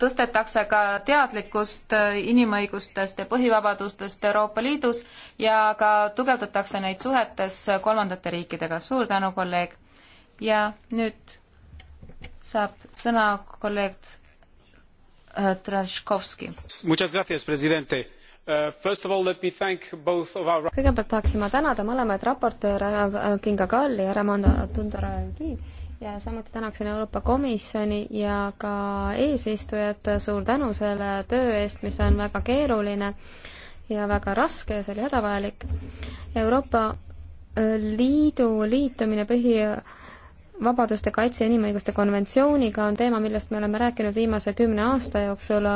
tõstetakse ka teadlikkust äh, inimõigustest ja põhivabadustest Euroopa Liidus ja ka tugevdatakse neid suhetes äh, kolmandate riikidega. suur tänu, kolleeg! ja nüüd saab sõna kolleeg äh, Traškovski. kõigepealt tahaksin ma tänada mõlemaid raportööre Kinga Kalli ja Ramanda Tundaragi ja samuti tänaksin Euroopa Komisjoni ja ka eesistujat, suur tänu selle töö eest, mis on väga keeruline ja väga raske ja see oli hädavajalik. Euroopa Liidu liitumine põhi- vabaduste kaitse inimõiguste konventsiooniga on teema, millest me oleme rääkinud viimase kümne aasta jooksul,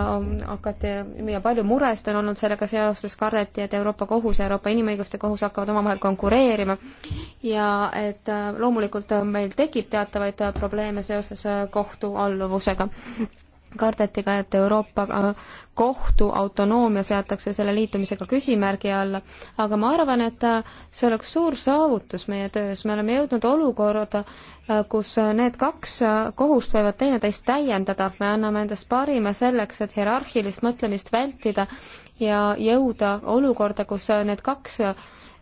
hakati ja palju murest on olnud sellega seoses, kardeti, et Euroopa Kohus ja Euroopa Inimõiguste Kohus hakkavad omavahel konkureerima ja et äh, loomulikult meil tekib teatavaid äh, probleeme seoses äh, kohtualluvusega kardeti ka, et Euroopa äh, kohtu autonoomia seatakse selle liitumisega küsimärgi alla, aga ma arvan, et äh, see oleks suur saavutus meie töös, me oleme jõudnud olukorda, äh, kus need kaks kohust võivad teineteist täiendada, me anname endast parima selleks, et hierarhilist mõtlemist vältida ja jõuda olukorda, kus need kaks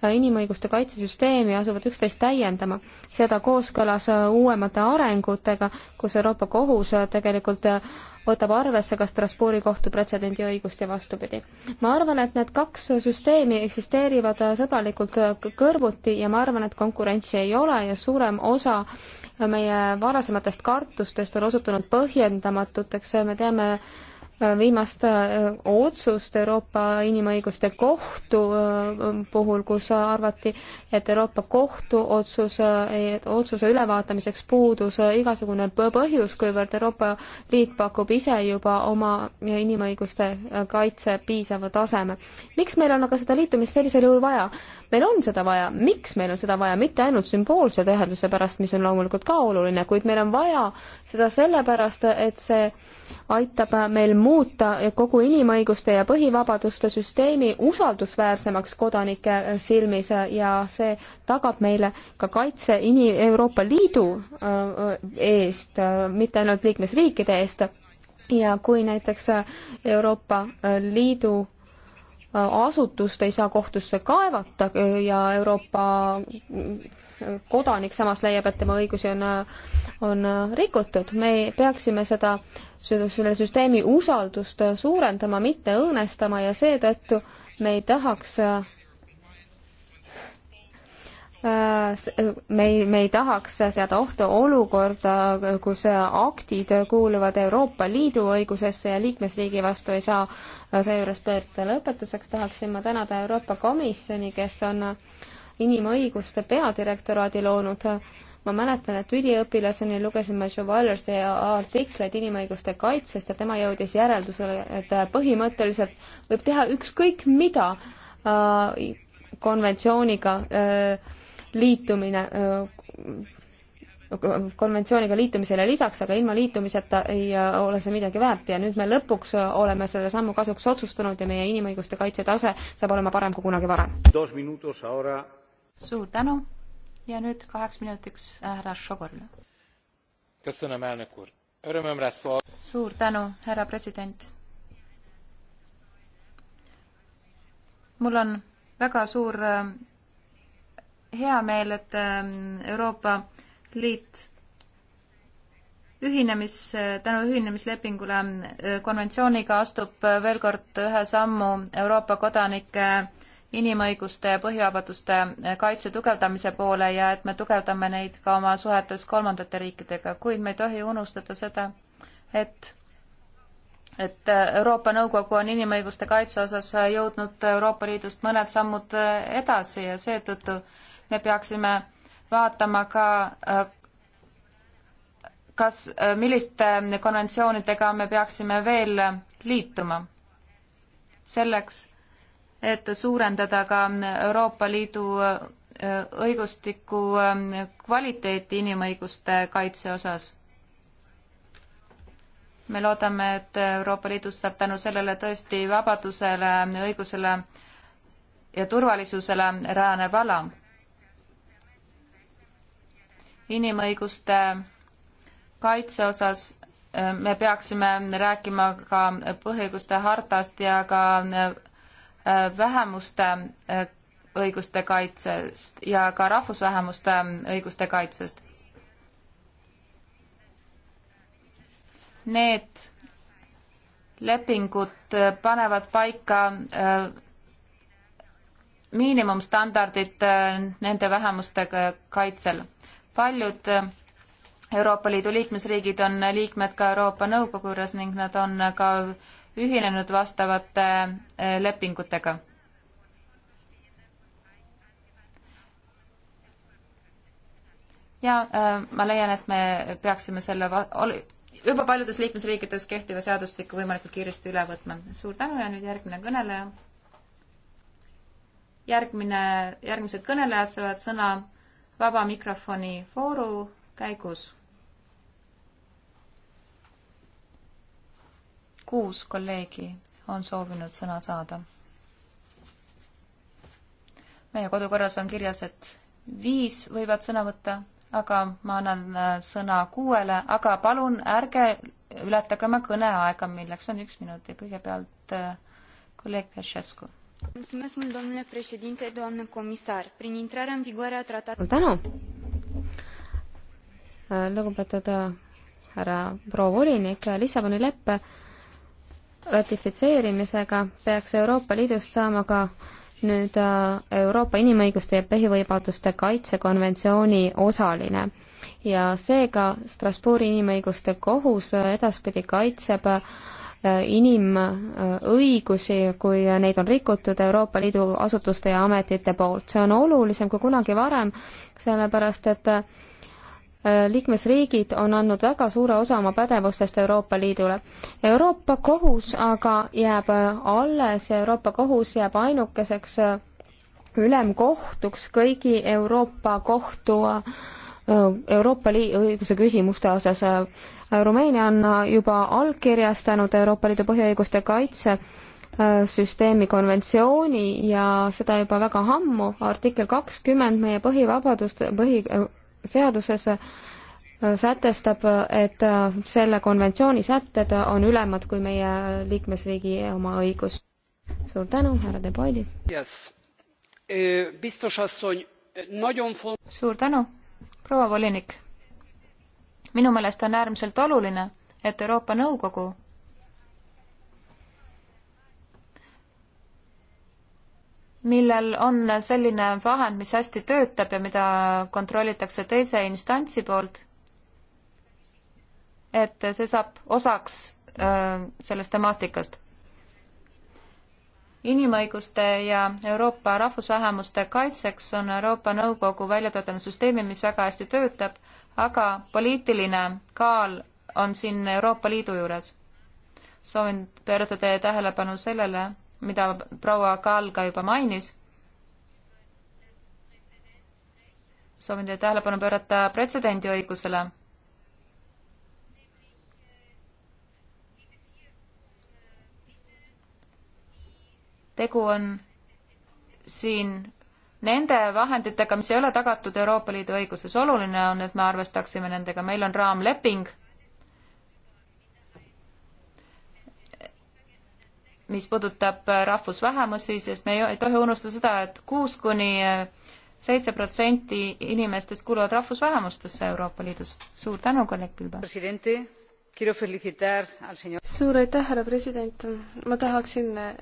inimõiguste kaitsesüsteemi asuvad üksteist täiendama. seda kooskõlas uuemate arengutega, kus Euroopa Kohus tegelikult võtab arvesse ka Strasbourgi kohtu pretsedendi õigust ja vastupidi. ma arvan, et need kaks süsteemi eksisteerivad sõbralikult kõrvuti ja ma arvan, et konkurentsi ei ole ja suurem osa meie varasematest kartustest on osutunud põhjendamatuteks, me teame, viimast äh, otsust Euroopa Inimõiguste Kohtu äh, puhul, kus arvati, et Euroopa Kohtu otsus, äh, otsuse ülevaatamiseks puudus igasugune põhjus, kuivõrd Euroopa Liit pakub ise juba oma inimõiguste kaitse piisava taseme. miks meil on aga seda liitumist sellisel juhul vaja? meil on seda vaja, miks meil on seda vaja, mitte ainult sümboolse tähenduse pärast, mis on loomulikult ka oluline, kuid meil on vaja seda sellepärast, et see aitab meil muuta kogu inimõiguste ja põhivabaduste süsteemi usaldusväärsemaks kodanike silmis ja see tagab meile ka kaitse ini-, Euroopa Liidu eest, mitte ainult liikmesriikide eest, ja kui näiteks Euroopa Liidu asutust ei saa kohtusse kaevata ja Euroopa kodanik samas leiab, et tema õigusi on, on rikutud. me peaksime seda, selle süsteemi usaldust suurendama, mitte õõnestama ja seetõttu me ei tahaks äh, me ei, me ei tahaks seada ohtu olukorda, kus aktid kuuluvad Euroopa Liidu õigusesse ja liikmesriigi vastu ei saa seejuures pöörduda. lõpetuseks tahaksin ma tänada Euroopa Komisjoni, kes on inimõiguste peadirektoraadi loonud. ma mäletan, et üliõpilaseni lugesime Chevalier'si artikleid inimõiguste kaitsest ja tema jõudis järeldusele, et põhimõtteliselt võib teha ükskõik mida äh, konventsiooniga äh, liitumine äh, konventsiooniga liitumisele lisaks, aga ilma liitumiseta ei ole see midagi väärt ja nüüd me lõpuks oleme selle sammu kasuks otsustanud ja meie inimõiguste kaitse tase saab olema parem kui kunagi varem suur tänu ja nüüd kaheks minutiks äh, härra Šogorile. suur tänu, härra president. mul on väga suur äh, hea meel, et ähm, Euroopa Liit ühinemis, äh, tänu ühinemislepingule konventsiooniga astub veel kord ühe sammu Euroopa kodanike inimõiguste ja põhivabaduste kaitse tugevdamise poole ja et me tugevdame neid ka oma suhetes kolmandate riikidega, kuid me ei tohi unustada seda, et et Euroopa Nõukogu on inimõiguste kaitse osas jõudnud Euroopa Liidust mõned sammud edasi ja seetõttu me peaksime vaatama ka kas, milliste konventsioonidega me peaksime veel liituma selleks, et suurendada ka Euroopa Liidu äh, õigustiku ähm, kvaliteeti inimõiguste kaitse osas. me loodame, et Euroopa Liidus saab tänu sellele tõesti vabadusele, õigusele ja turvalisusele rajanev ala. inimõiguste kaitse osas äh, me peaksime rääkima ka põhiõiguste hartast ja ka äh, Äh, vähemuste äh, õiguste kaitsest ja ka rahvusvähemuste ähm, õiguste kaitsest. Need lepingud äh, panevad paika miinimumstandardid nende vähemuste kaitsel. paljud Euroopa Liidu liikmesriigid on liikmed ka Euroopa Nõukogu juures ning nad on ka ühinenud vastavate eh, lepingutega. ja eh, ma leian, et me peaksime selle juba paljudes liikmesriikides kehtiva seadustiku võimalikult kiiresti üle võtma. suur tänu ja nüüd järgmine kõneleja. järgmine, järgmised kõnelejad saavad sõna vaba mikrofoni vooru käigus kuus kolleegi on soovinud sõna saada. meie kodukorras on kirjas, et viis võivad sõna võtta, aga ma annan äh, sõna kuuele, aga palun ärge ületage oma kõneaega, milleks on üks minut ja kõigepealt äh, kolleeg Pjašescu. suur tänu, lugupeetud äh, härra proua volinik, Lissaboni leppe ratifitseerimisega peaks Euroopa Liidust saama ka nüüd äh, Euroopa Inimõiguste ja Põhivõimaduste Kaitsekonventsiooni osaline ja seega Strasbourgi Inimõiguste Kohus äh, edaspidi kaitseb äh, inimõigusi, kui neid on rikutud Euroopa Liidu asutuste ja ametite poolt. see on olulisem kui kunagi varem, sellepärast et Äh, liikmesriigid on andnud väga suure osa oma pädevustest Euroopa Liidule. Euroopa Kohus aga jääb äh, alles ja Euroopa Kohus jääb ainukeseks äh, ülemkohtuks kõigi Euroopa Kohtu Euroopa Liidu õiguse küsimuste osas. Rumeenia on juba allkirjastanud Euroopa Liidu põhiõiguste kaitse süsteemi konventsiooni ja seda juba väga ammu. artikkel kakskümmend meie põhivabadust, põhi seaduses äh, sätestab, et äh, selle konventsiooni sätted on ülemad kui meie liikmesriigi oma õigus. suur tänu, härra De Boidi yes.. suur tänu, proua volinik. minu meelest on äärmiselt oluline, et Euroopa Nõukogu millel on selline vahend, mis hästi töötab ja mida kontrollitakse teise instantsi poolt, et see saab osaks äh, sellest temaatikast. inimõiguste ja Euroopa rahvusvähemuste kaitseks on Euroopa Nõukogu välja töötanud süsteemi, mis väga hästi töötab, aga poliitiline kaal on siin Euroopa Liidu juures. soovin pöörata teie tähelepanu sellele mida proua Kaal ka juba mainis. soovin teie tähelepanu pöörata pretsedendi õigusele. tegu on siin nende vahenditega, mis ei ole tagatud Euroopa Liidu õiguses, oluline on, et me arvestaksime nendega, meil on raamleping mis puudutab äh, rahvusvähemusi, sest me ei tohi unustada seda, et kuus kuni äh, seitse protsenti inimestest kuuluvad rahvusvähemustesse Euroopa Liidus. suur tänu, kolleeg Pilba! suur aitäh, härra president! ma tahaksin äh,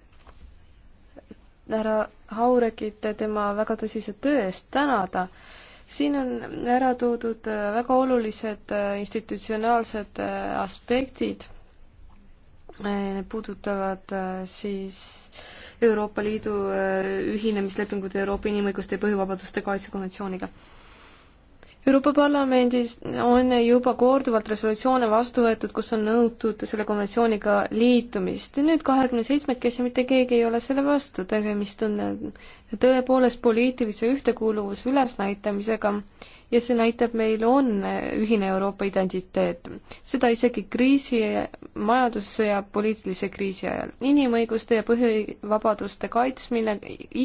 härra Haurekit tema väga tõsise töö eest tänada. siin on ära toodud väga olulised institutsionaalsed aspektid puudutavad äh, siis Euroopa Liidu äh, ühinemislepingut Euroopa Inimõiguste ja Põhivabaduste Kaitsekonventsiooniga Euroopa Parlamendis on juba korduvalt resolutsioone vastu võetud, kus on nõutud selle konventsiooniga liitumist. nüüd kahekümne seitsmekesi mitte keegi ei ole selle vastu, tegemist on tõepoolest poliitilise ühtekuuluvuse ülesnäitamisega ja see näitab, meil on ühine Euroopa identiteet. seda isegi kriisi, majandussõja, poliitilise kriisi ajal. inimõiguste ja põhivabaduste kaitsmine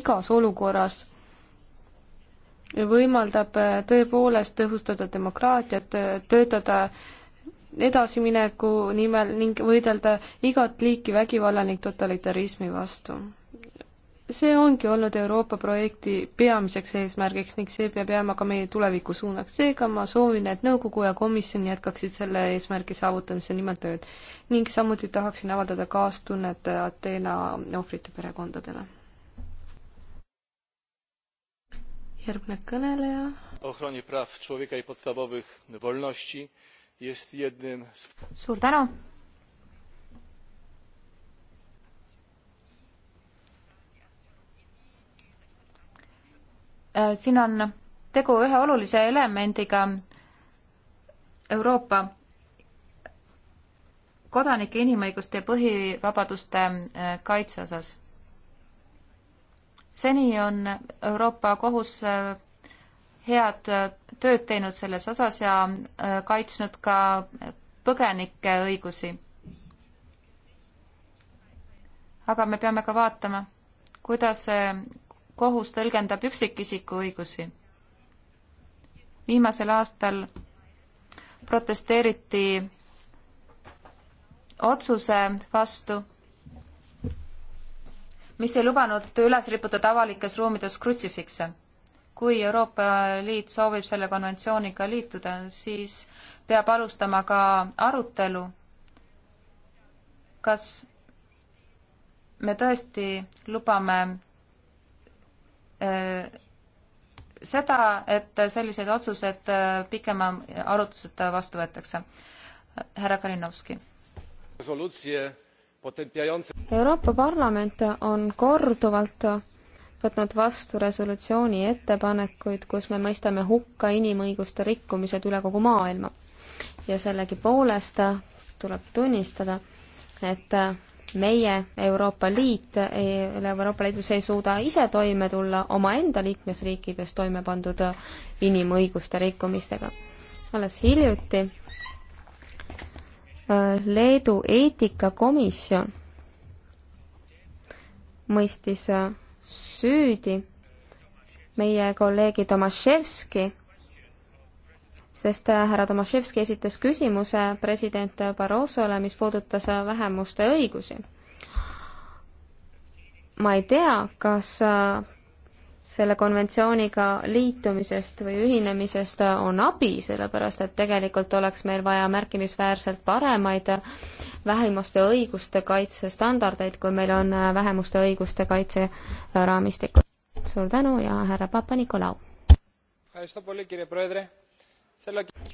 igas olukorras võimaldab äh, tõepoolest tõhustada demokraatiat, äh, töötada edasimineku nimel ning võidelda igat liiki vägivalla ning totalitarismi vastu. see ongi olnud Euroopa projekti peamiseks eesmärgiks ning see peab jääma ka meie tuleviku suunaks, seega ma soovin, et nõukogu ja komisjon jätkaksid selle eesmärgi saavutamise nimel tööd ning samuti tahaksin avaldada kaastunnet Ateena ohvrite perekondadele järgmine kõneleja. Ochronie praw człowieka i podstawowych wolności jest jednym z... suur tänu. Äh, siin on tegu ühe olulise elemendiga Euroopa kodanike inimõiguste ja põhivabaduste äh, kaitse osas seni on Euroopa Kohus äh, head äh, tööd teinud selles osas ja äh, kaitsnud ka põgenike õigusi. aga me peame ka vaatama, kuidas kohus tõlgendab üksikisiku õigusi. viimasel aastal protesteeriti otsuse vastu mis ei lubanud üles riputada avalikes ruumides krutsifikse. kui Euroopa Liit soovib selle konventsiooniga liituda, siis peab alustama ka arutelu, kas me tõesti lubame äh, seda, et sellised otsused äh, pikema arutuseta vastu võetakse. härra Kalinovski. resolutsioon Euroopa Parlament on korduvalt võtnud vastu resolutsiooni ettepanekuid, kus me mõistame hukka inimõiguste rikkumised üle kogu maailma. ja sellegipoolest tuleb tunnistada, et meie, Euroopa Liit, Euroopa Liidus ei suuda ise toime tulla omaenda liikmesriikides toime pandud inimõiguste rikkumistega. alles hiljuti Leedu eetikakomisjon mõistis äh, süüdi meie kolleegi Tomaševski, sest äh, härra Tomaševski esitas küsimuse president Barrosole, mis puudutas äh, vähemuste õigusi. ma ei tea, kas selle konventsiooniga liitumisest või ühinemisest on abi, sellepärast et tegelikult oleks meil vaja märkimisväärselt paremaid vähemuste õiguste kaitse standardeid, kui meil on vähemuste õiguste kaitse raamistikud. suur tänu ja härra Papa-Nikolau!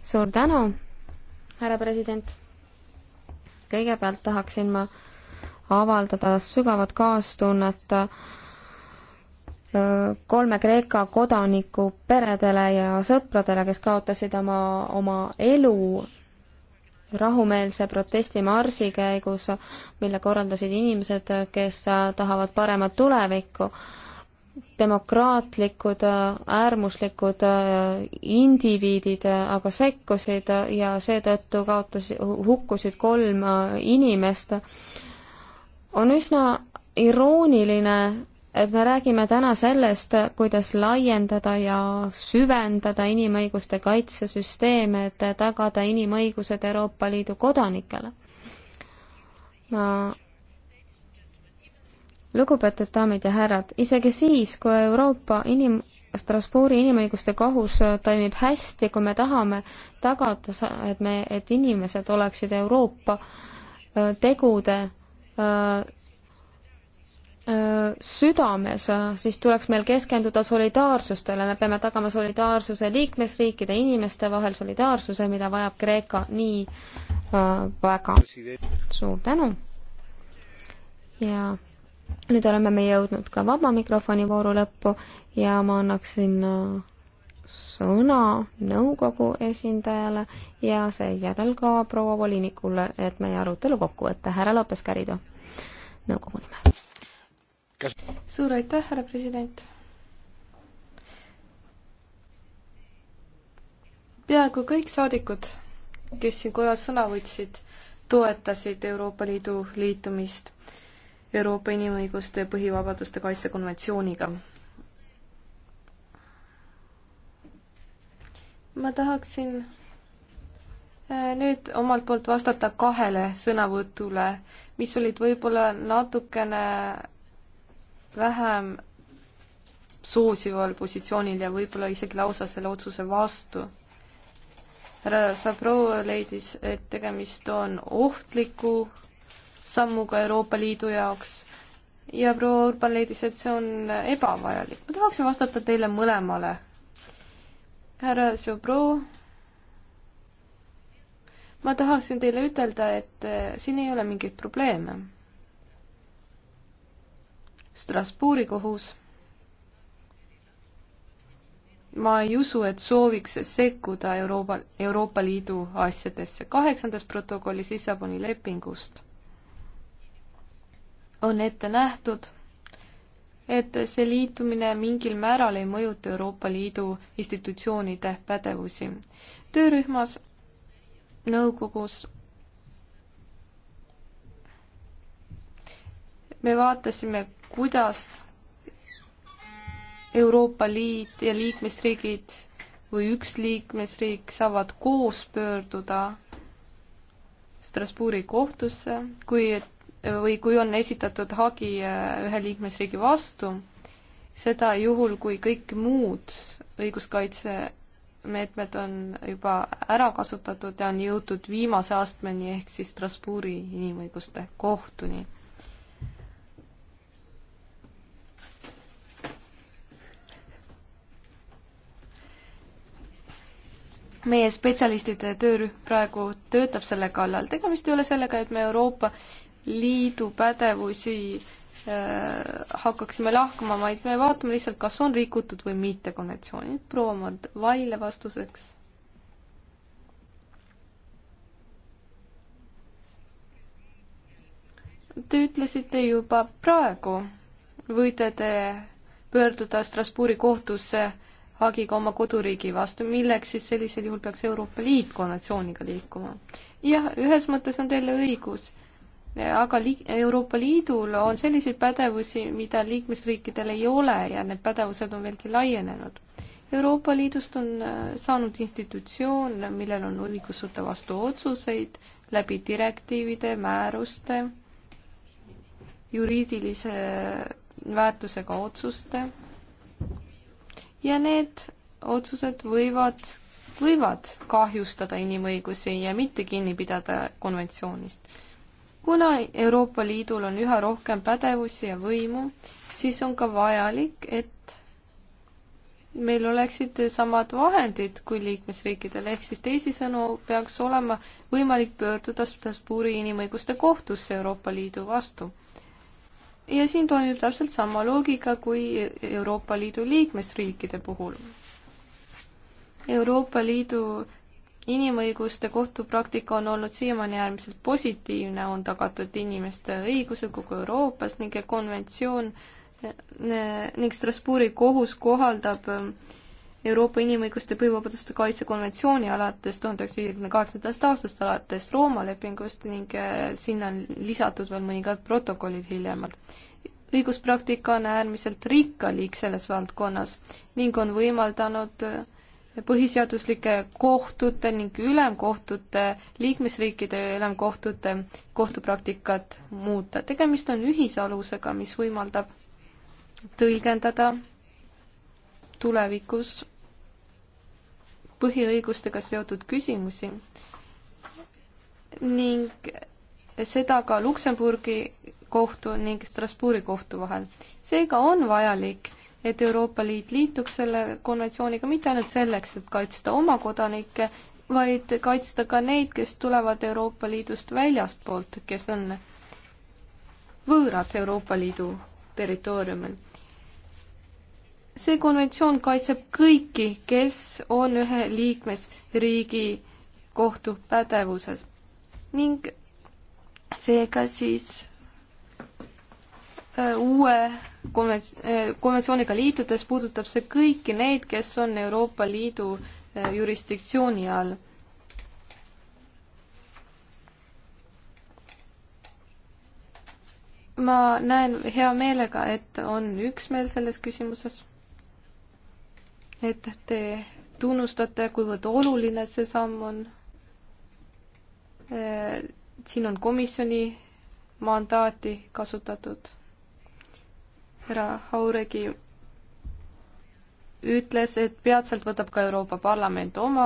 suur tänu, härra president! kõigepealt tahaksin ma avaldada sügavat kaastunnet äh, kolme Kreeka kodaniku peredele ja sõpradele, kes kaotasid oma, oma elu rahumeelse protestimarsi käigus, mille korraldasid inimesed, kes tahavad paremat tulevikku. demokraatlikud äärmuslikud indiviidid aga sekkusid ja seetõttu kaotasid, hukkusid kolm inimest. on üsna irooniline et me räägime täna sellest, kuidas laiendada ja süvendada inimõiguste kaitsesüsteeme, et tagada inimõigused Euroopa Liidu kodanikele. lugupeetud daamid ja härrad, isegi siis, kui Euroopa inim-, Strasbourgi inimõiguste kohus toimib hästi, kui me tahame tagada, et me, et inimesed oleksid Euroopa äh, tegude äh, südames, äh, siis tuleks meil keskenduda solidaarsustele, me peame tagama solidaarsuse liikmesriikide, inimeste vahel, solidaarsuse, mida vajab Kreeka nii äh, väga. suur tänu! ja nüüd oleme me jõudnud ka vaba mikrofoni vooru lõppu ja ma annaksin äh, sõna nõukogu esindajale ja seejärel ka proua volinikule, et meie arutelu kokku võtta. härra Lopes-Kärido nõukogu nimel kas suur aitäh, härra president! peaaegu kõik saadikud, kes siin kojas sõna võtsid, toetasid Euroopa Liidu liitumist Euroopa Inimõiguste ja Põhivabaduste Kaitse konventsiooniga. ma tahaksin äh, nüüd omalt poolt vastata kahele sõnavõtule, mis olid võib-olla natukene vähem soosival positsioonil ja võib-olla isegi lausa selle otsuse vastu. härra Sabrov leidis, et tegemist on ohtliku sammuga Euroopa Liidu jaoks ja proua Urban leidis, et see on ebavajalik. ma tahaksin vastata teile mõlemale. härra Sabrov, ma tahaksin teile ütelda, et eh, siin ei ole mingeid probleeme Strasbourgi kohus. ma ei usu, et sooviks sekkuda Euroopa, Euroopa Liidu asjadesse. kaheksandas protokollis Lissaboni lepingust on ette nähtud, et see liitumine mingil määral ei mõjuta Euroopa Liidu institutsioonide pädevusi. töörühmas, nõukogus me vaatasime kuidas Euroopa Liit ja liikmesriigid või üks liikmesriik saavad koos pöörduda Strasbourgi kohtusse, kui, või kui on esitatud hagi äh, ühe liikmesriigi vastu, seda juhul, kui kõik muud õiguskaitsemeetmed on juba ära kasutatud ja on jõutud viimase astmeni ehk siis Strasbourgi inimõiguste kohtuni meie spetsialistide töörühm praegu töötab selle kallal. tegemist ei ole sellega, et me Euroopa Liidu pädevusi äh, hakkaksime lahkama, vaid me vaatame lihtsalt, kas on rikutud või mitte konventsiooni. proua Madvaile vastuseks. Te ütlesite juba praegu, võite te pöörduda Strasbourgi kohtusse äh, hagiga oma koduriigi vastu, milleks siis sellisel juhul peaks Euroopa Liit konventsiooniga liikuma? jah, ühes mõttes on teil õigus, aga li-, Euroopa Liidul on selliseid pädevusi, mida liikmesriikidel ei ole ja need pädevused on veelgi laienenud. Euroopa Liidust on äh, saanud institutsioon, millel on õigus võtta vastu otsuseid läbi direktiivide, määruste, juriidilise väärtusega otsuste ja need otsused võivad, võivad kahjustada inimõigusi ja mitte kinni pidada konventsioonist. kuna Euroopa Liidul on üha rohkem pädevusi ja võimu, siis on ka vajalik, et meil oleksid samad vahendid kui liikmesriikidel, ehk siis teisisõnu peaks olema võimalik pöörduda Strasbourgi inimõiguste kohtusse Euroopa Liidu vastu ja siin toimib täpselt sama loogika kui Euroopa Liidu liikmesriikide puhul. Euroopa Liidu inimõiguste kohtupraktika on olnud siiamaani äärmiselt positiivne, on tagatud inimeste õigused kogu Euroopas ning konventsioon ning Strasbourgi kohus kohaldab äh, Euroopa Inimõiguste Põhivabaduste Kaitse konventsiooni alates tuhande üheksasaja viiekümne kaheksandast aastast alates Rooma lepingust ning äh, sinna on lisatud veel mõningad protokollid hiljemalt. õiguspraktika on äärmiselt rikkalik selles valdkonnas ning on võimaldanud äh, põhiseaduslike kohtute ning ülemkohtute, liikmesriikide ülemkohtute kohtupraktikat muuta. tegemist on ühisalusega, mis võimaldab tõlgendada tulevikus põhiõigustega seotud küsimusi ning seda ka Luksemburgi kohtu ning Strasbourgi kohtu vahel. seega on vajalik, et Euroopa Liit liituks selle konventsiooniga mitte ainult selleks, et kaitsta oma kodanikke, vaid kaitsta ka neid, kes tulevad Euroopa Liidust väljastpoolt, kes on võõrad Euroopa Liidu territooriumil see konventsioon kaitseb kõiki, kes on ühe liikmesriigi kohtu pädevuses ning seega siis äh, uue äh, konventsiooniga liitudes puudutab see kõiki neid, kes on Euroopa Liidu äh, jurisdiktsiooni all. ma näen hea meelega, et on üksmeel selles küsimuses et te tunnustate, kuivõrd oluline see samm on. Äh, siin on komisjoni mandaati kasutatud. härra Hauregi ütles, et peatselt võtab ka Euroopa Parlament oma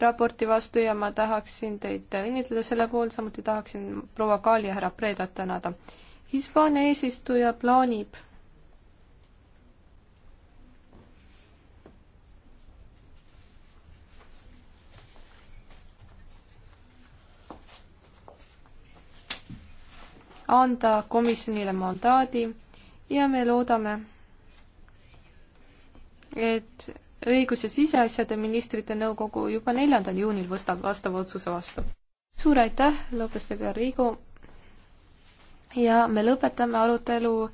raporti vastu ja ma tahaksin teid õnnitleda selle puhul, samuti tahaksin proua Kaali ja härra Predat tänada. Hispaania eesistuja plaanib anda komisjonile mandaadi ja me loodame, et õigus- ja siseasjade ministrite nõukogu juba neljandal juunil võtab vastava otsuse vastu. suur aitäh, Lopez de Garrigo ja me lõpetame arutelu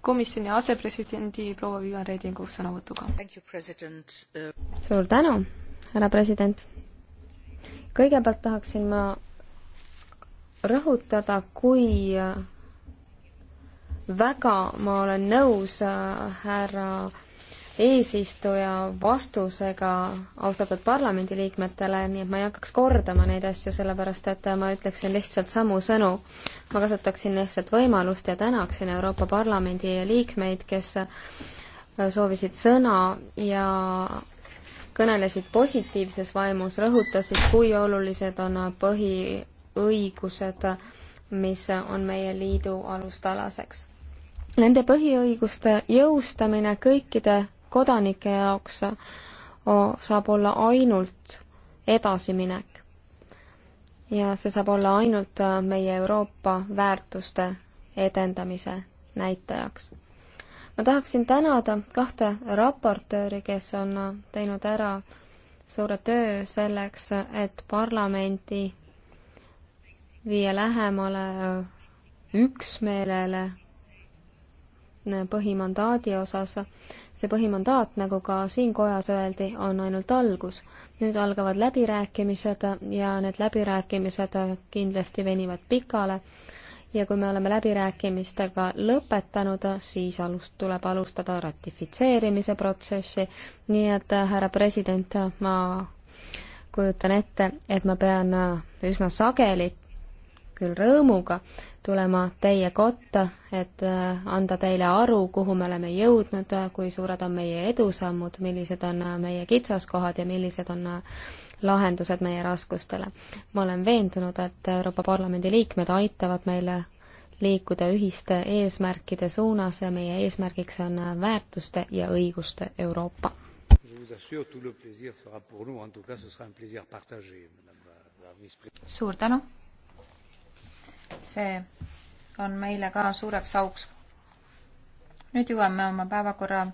komisjoni asepresidendi proua Vivian Redingu sõnavõtuga. suur tänu, härra president! kõigepealt tahaksin ma rõhutada, kui väga ma olen nõus äh, härra eesistuja vastusega austatud parlamendiliikmetele, nii et ma ei hakkaks kordama neid asju, sellepärast et äh, ma ütleksin lihtsalt samu sõnu. ma kasutaksin lihtsalt võimalust ja tänaksin Euroopa Parlamendi liikmeid, kes äh, soovisid sõna ja kõnelesid positiivses vaimus, rõhutasid, kui olulised on põhi põhiõigused, mis on meie liidu alustalaseks. Nende põhiõiguste jõustamine kõikide kodanike jaoks saab olla ainult edasiminek. ja see saab olla ainult äh, meie Euroopa väärtuste edendamise näitajaks. ma tahaksin tänada kahte raportööri, kes on äh, teinud ära suure töö selleks, et parlamendi viia lähemale üksmeelele põhimandaadi osas. see põhimandaat, nagu ka siin kojas öeldi, on ainult algus. nüüd algavad läbirääkimised ja need läbirääkimised kindlasti venivad pikale ja kui me oleme läbirääkimistega lõpetanud, siis alust, tuleb alustada ratifitseerimise protsessi, nii et härra president, ma kujutan ette, et ma pean üsna sageli küll rõõmuga tulema teie kotta, et äh, anda teile aru, kuhu me oleme jõudnud, äh, kui suured on meie edusammud, millised on äh, meie kitsaskohad ja millised on lahendused meie raskustele. ma olen veendunud, et Euroopa Parlamendi liikmed aitavad meile liikuda ühiste eesmärkide suunas ja meie eesmärgiks on väärtuste ja õiguste Euroopa. suur tänu! see on meile ka suureks auks. nüüd jõuame oma päevakorra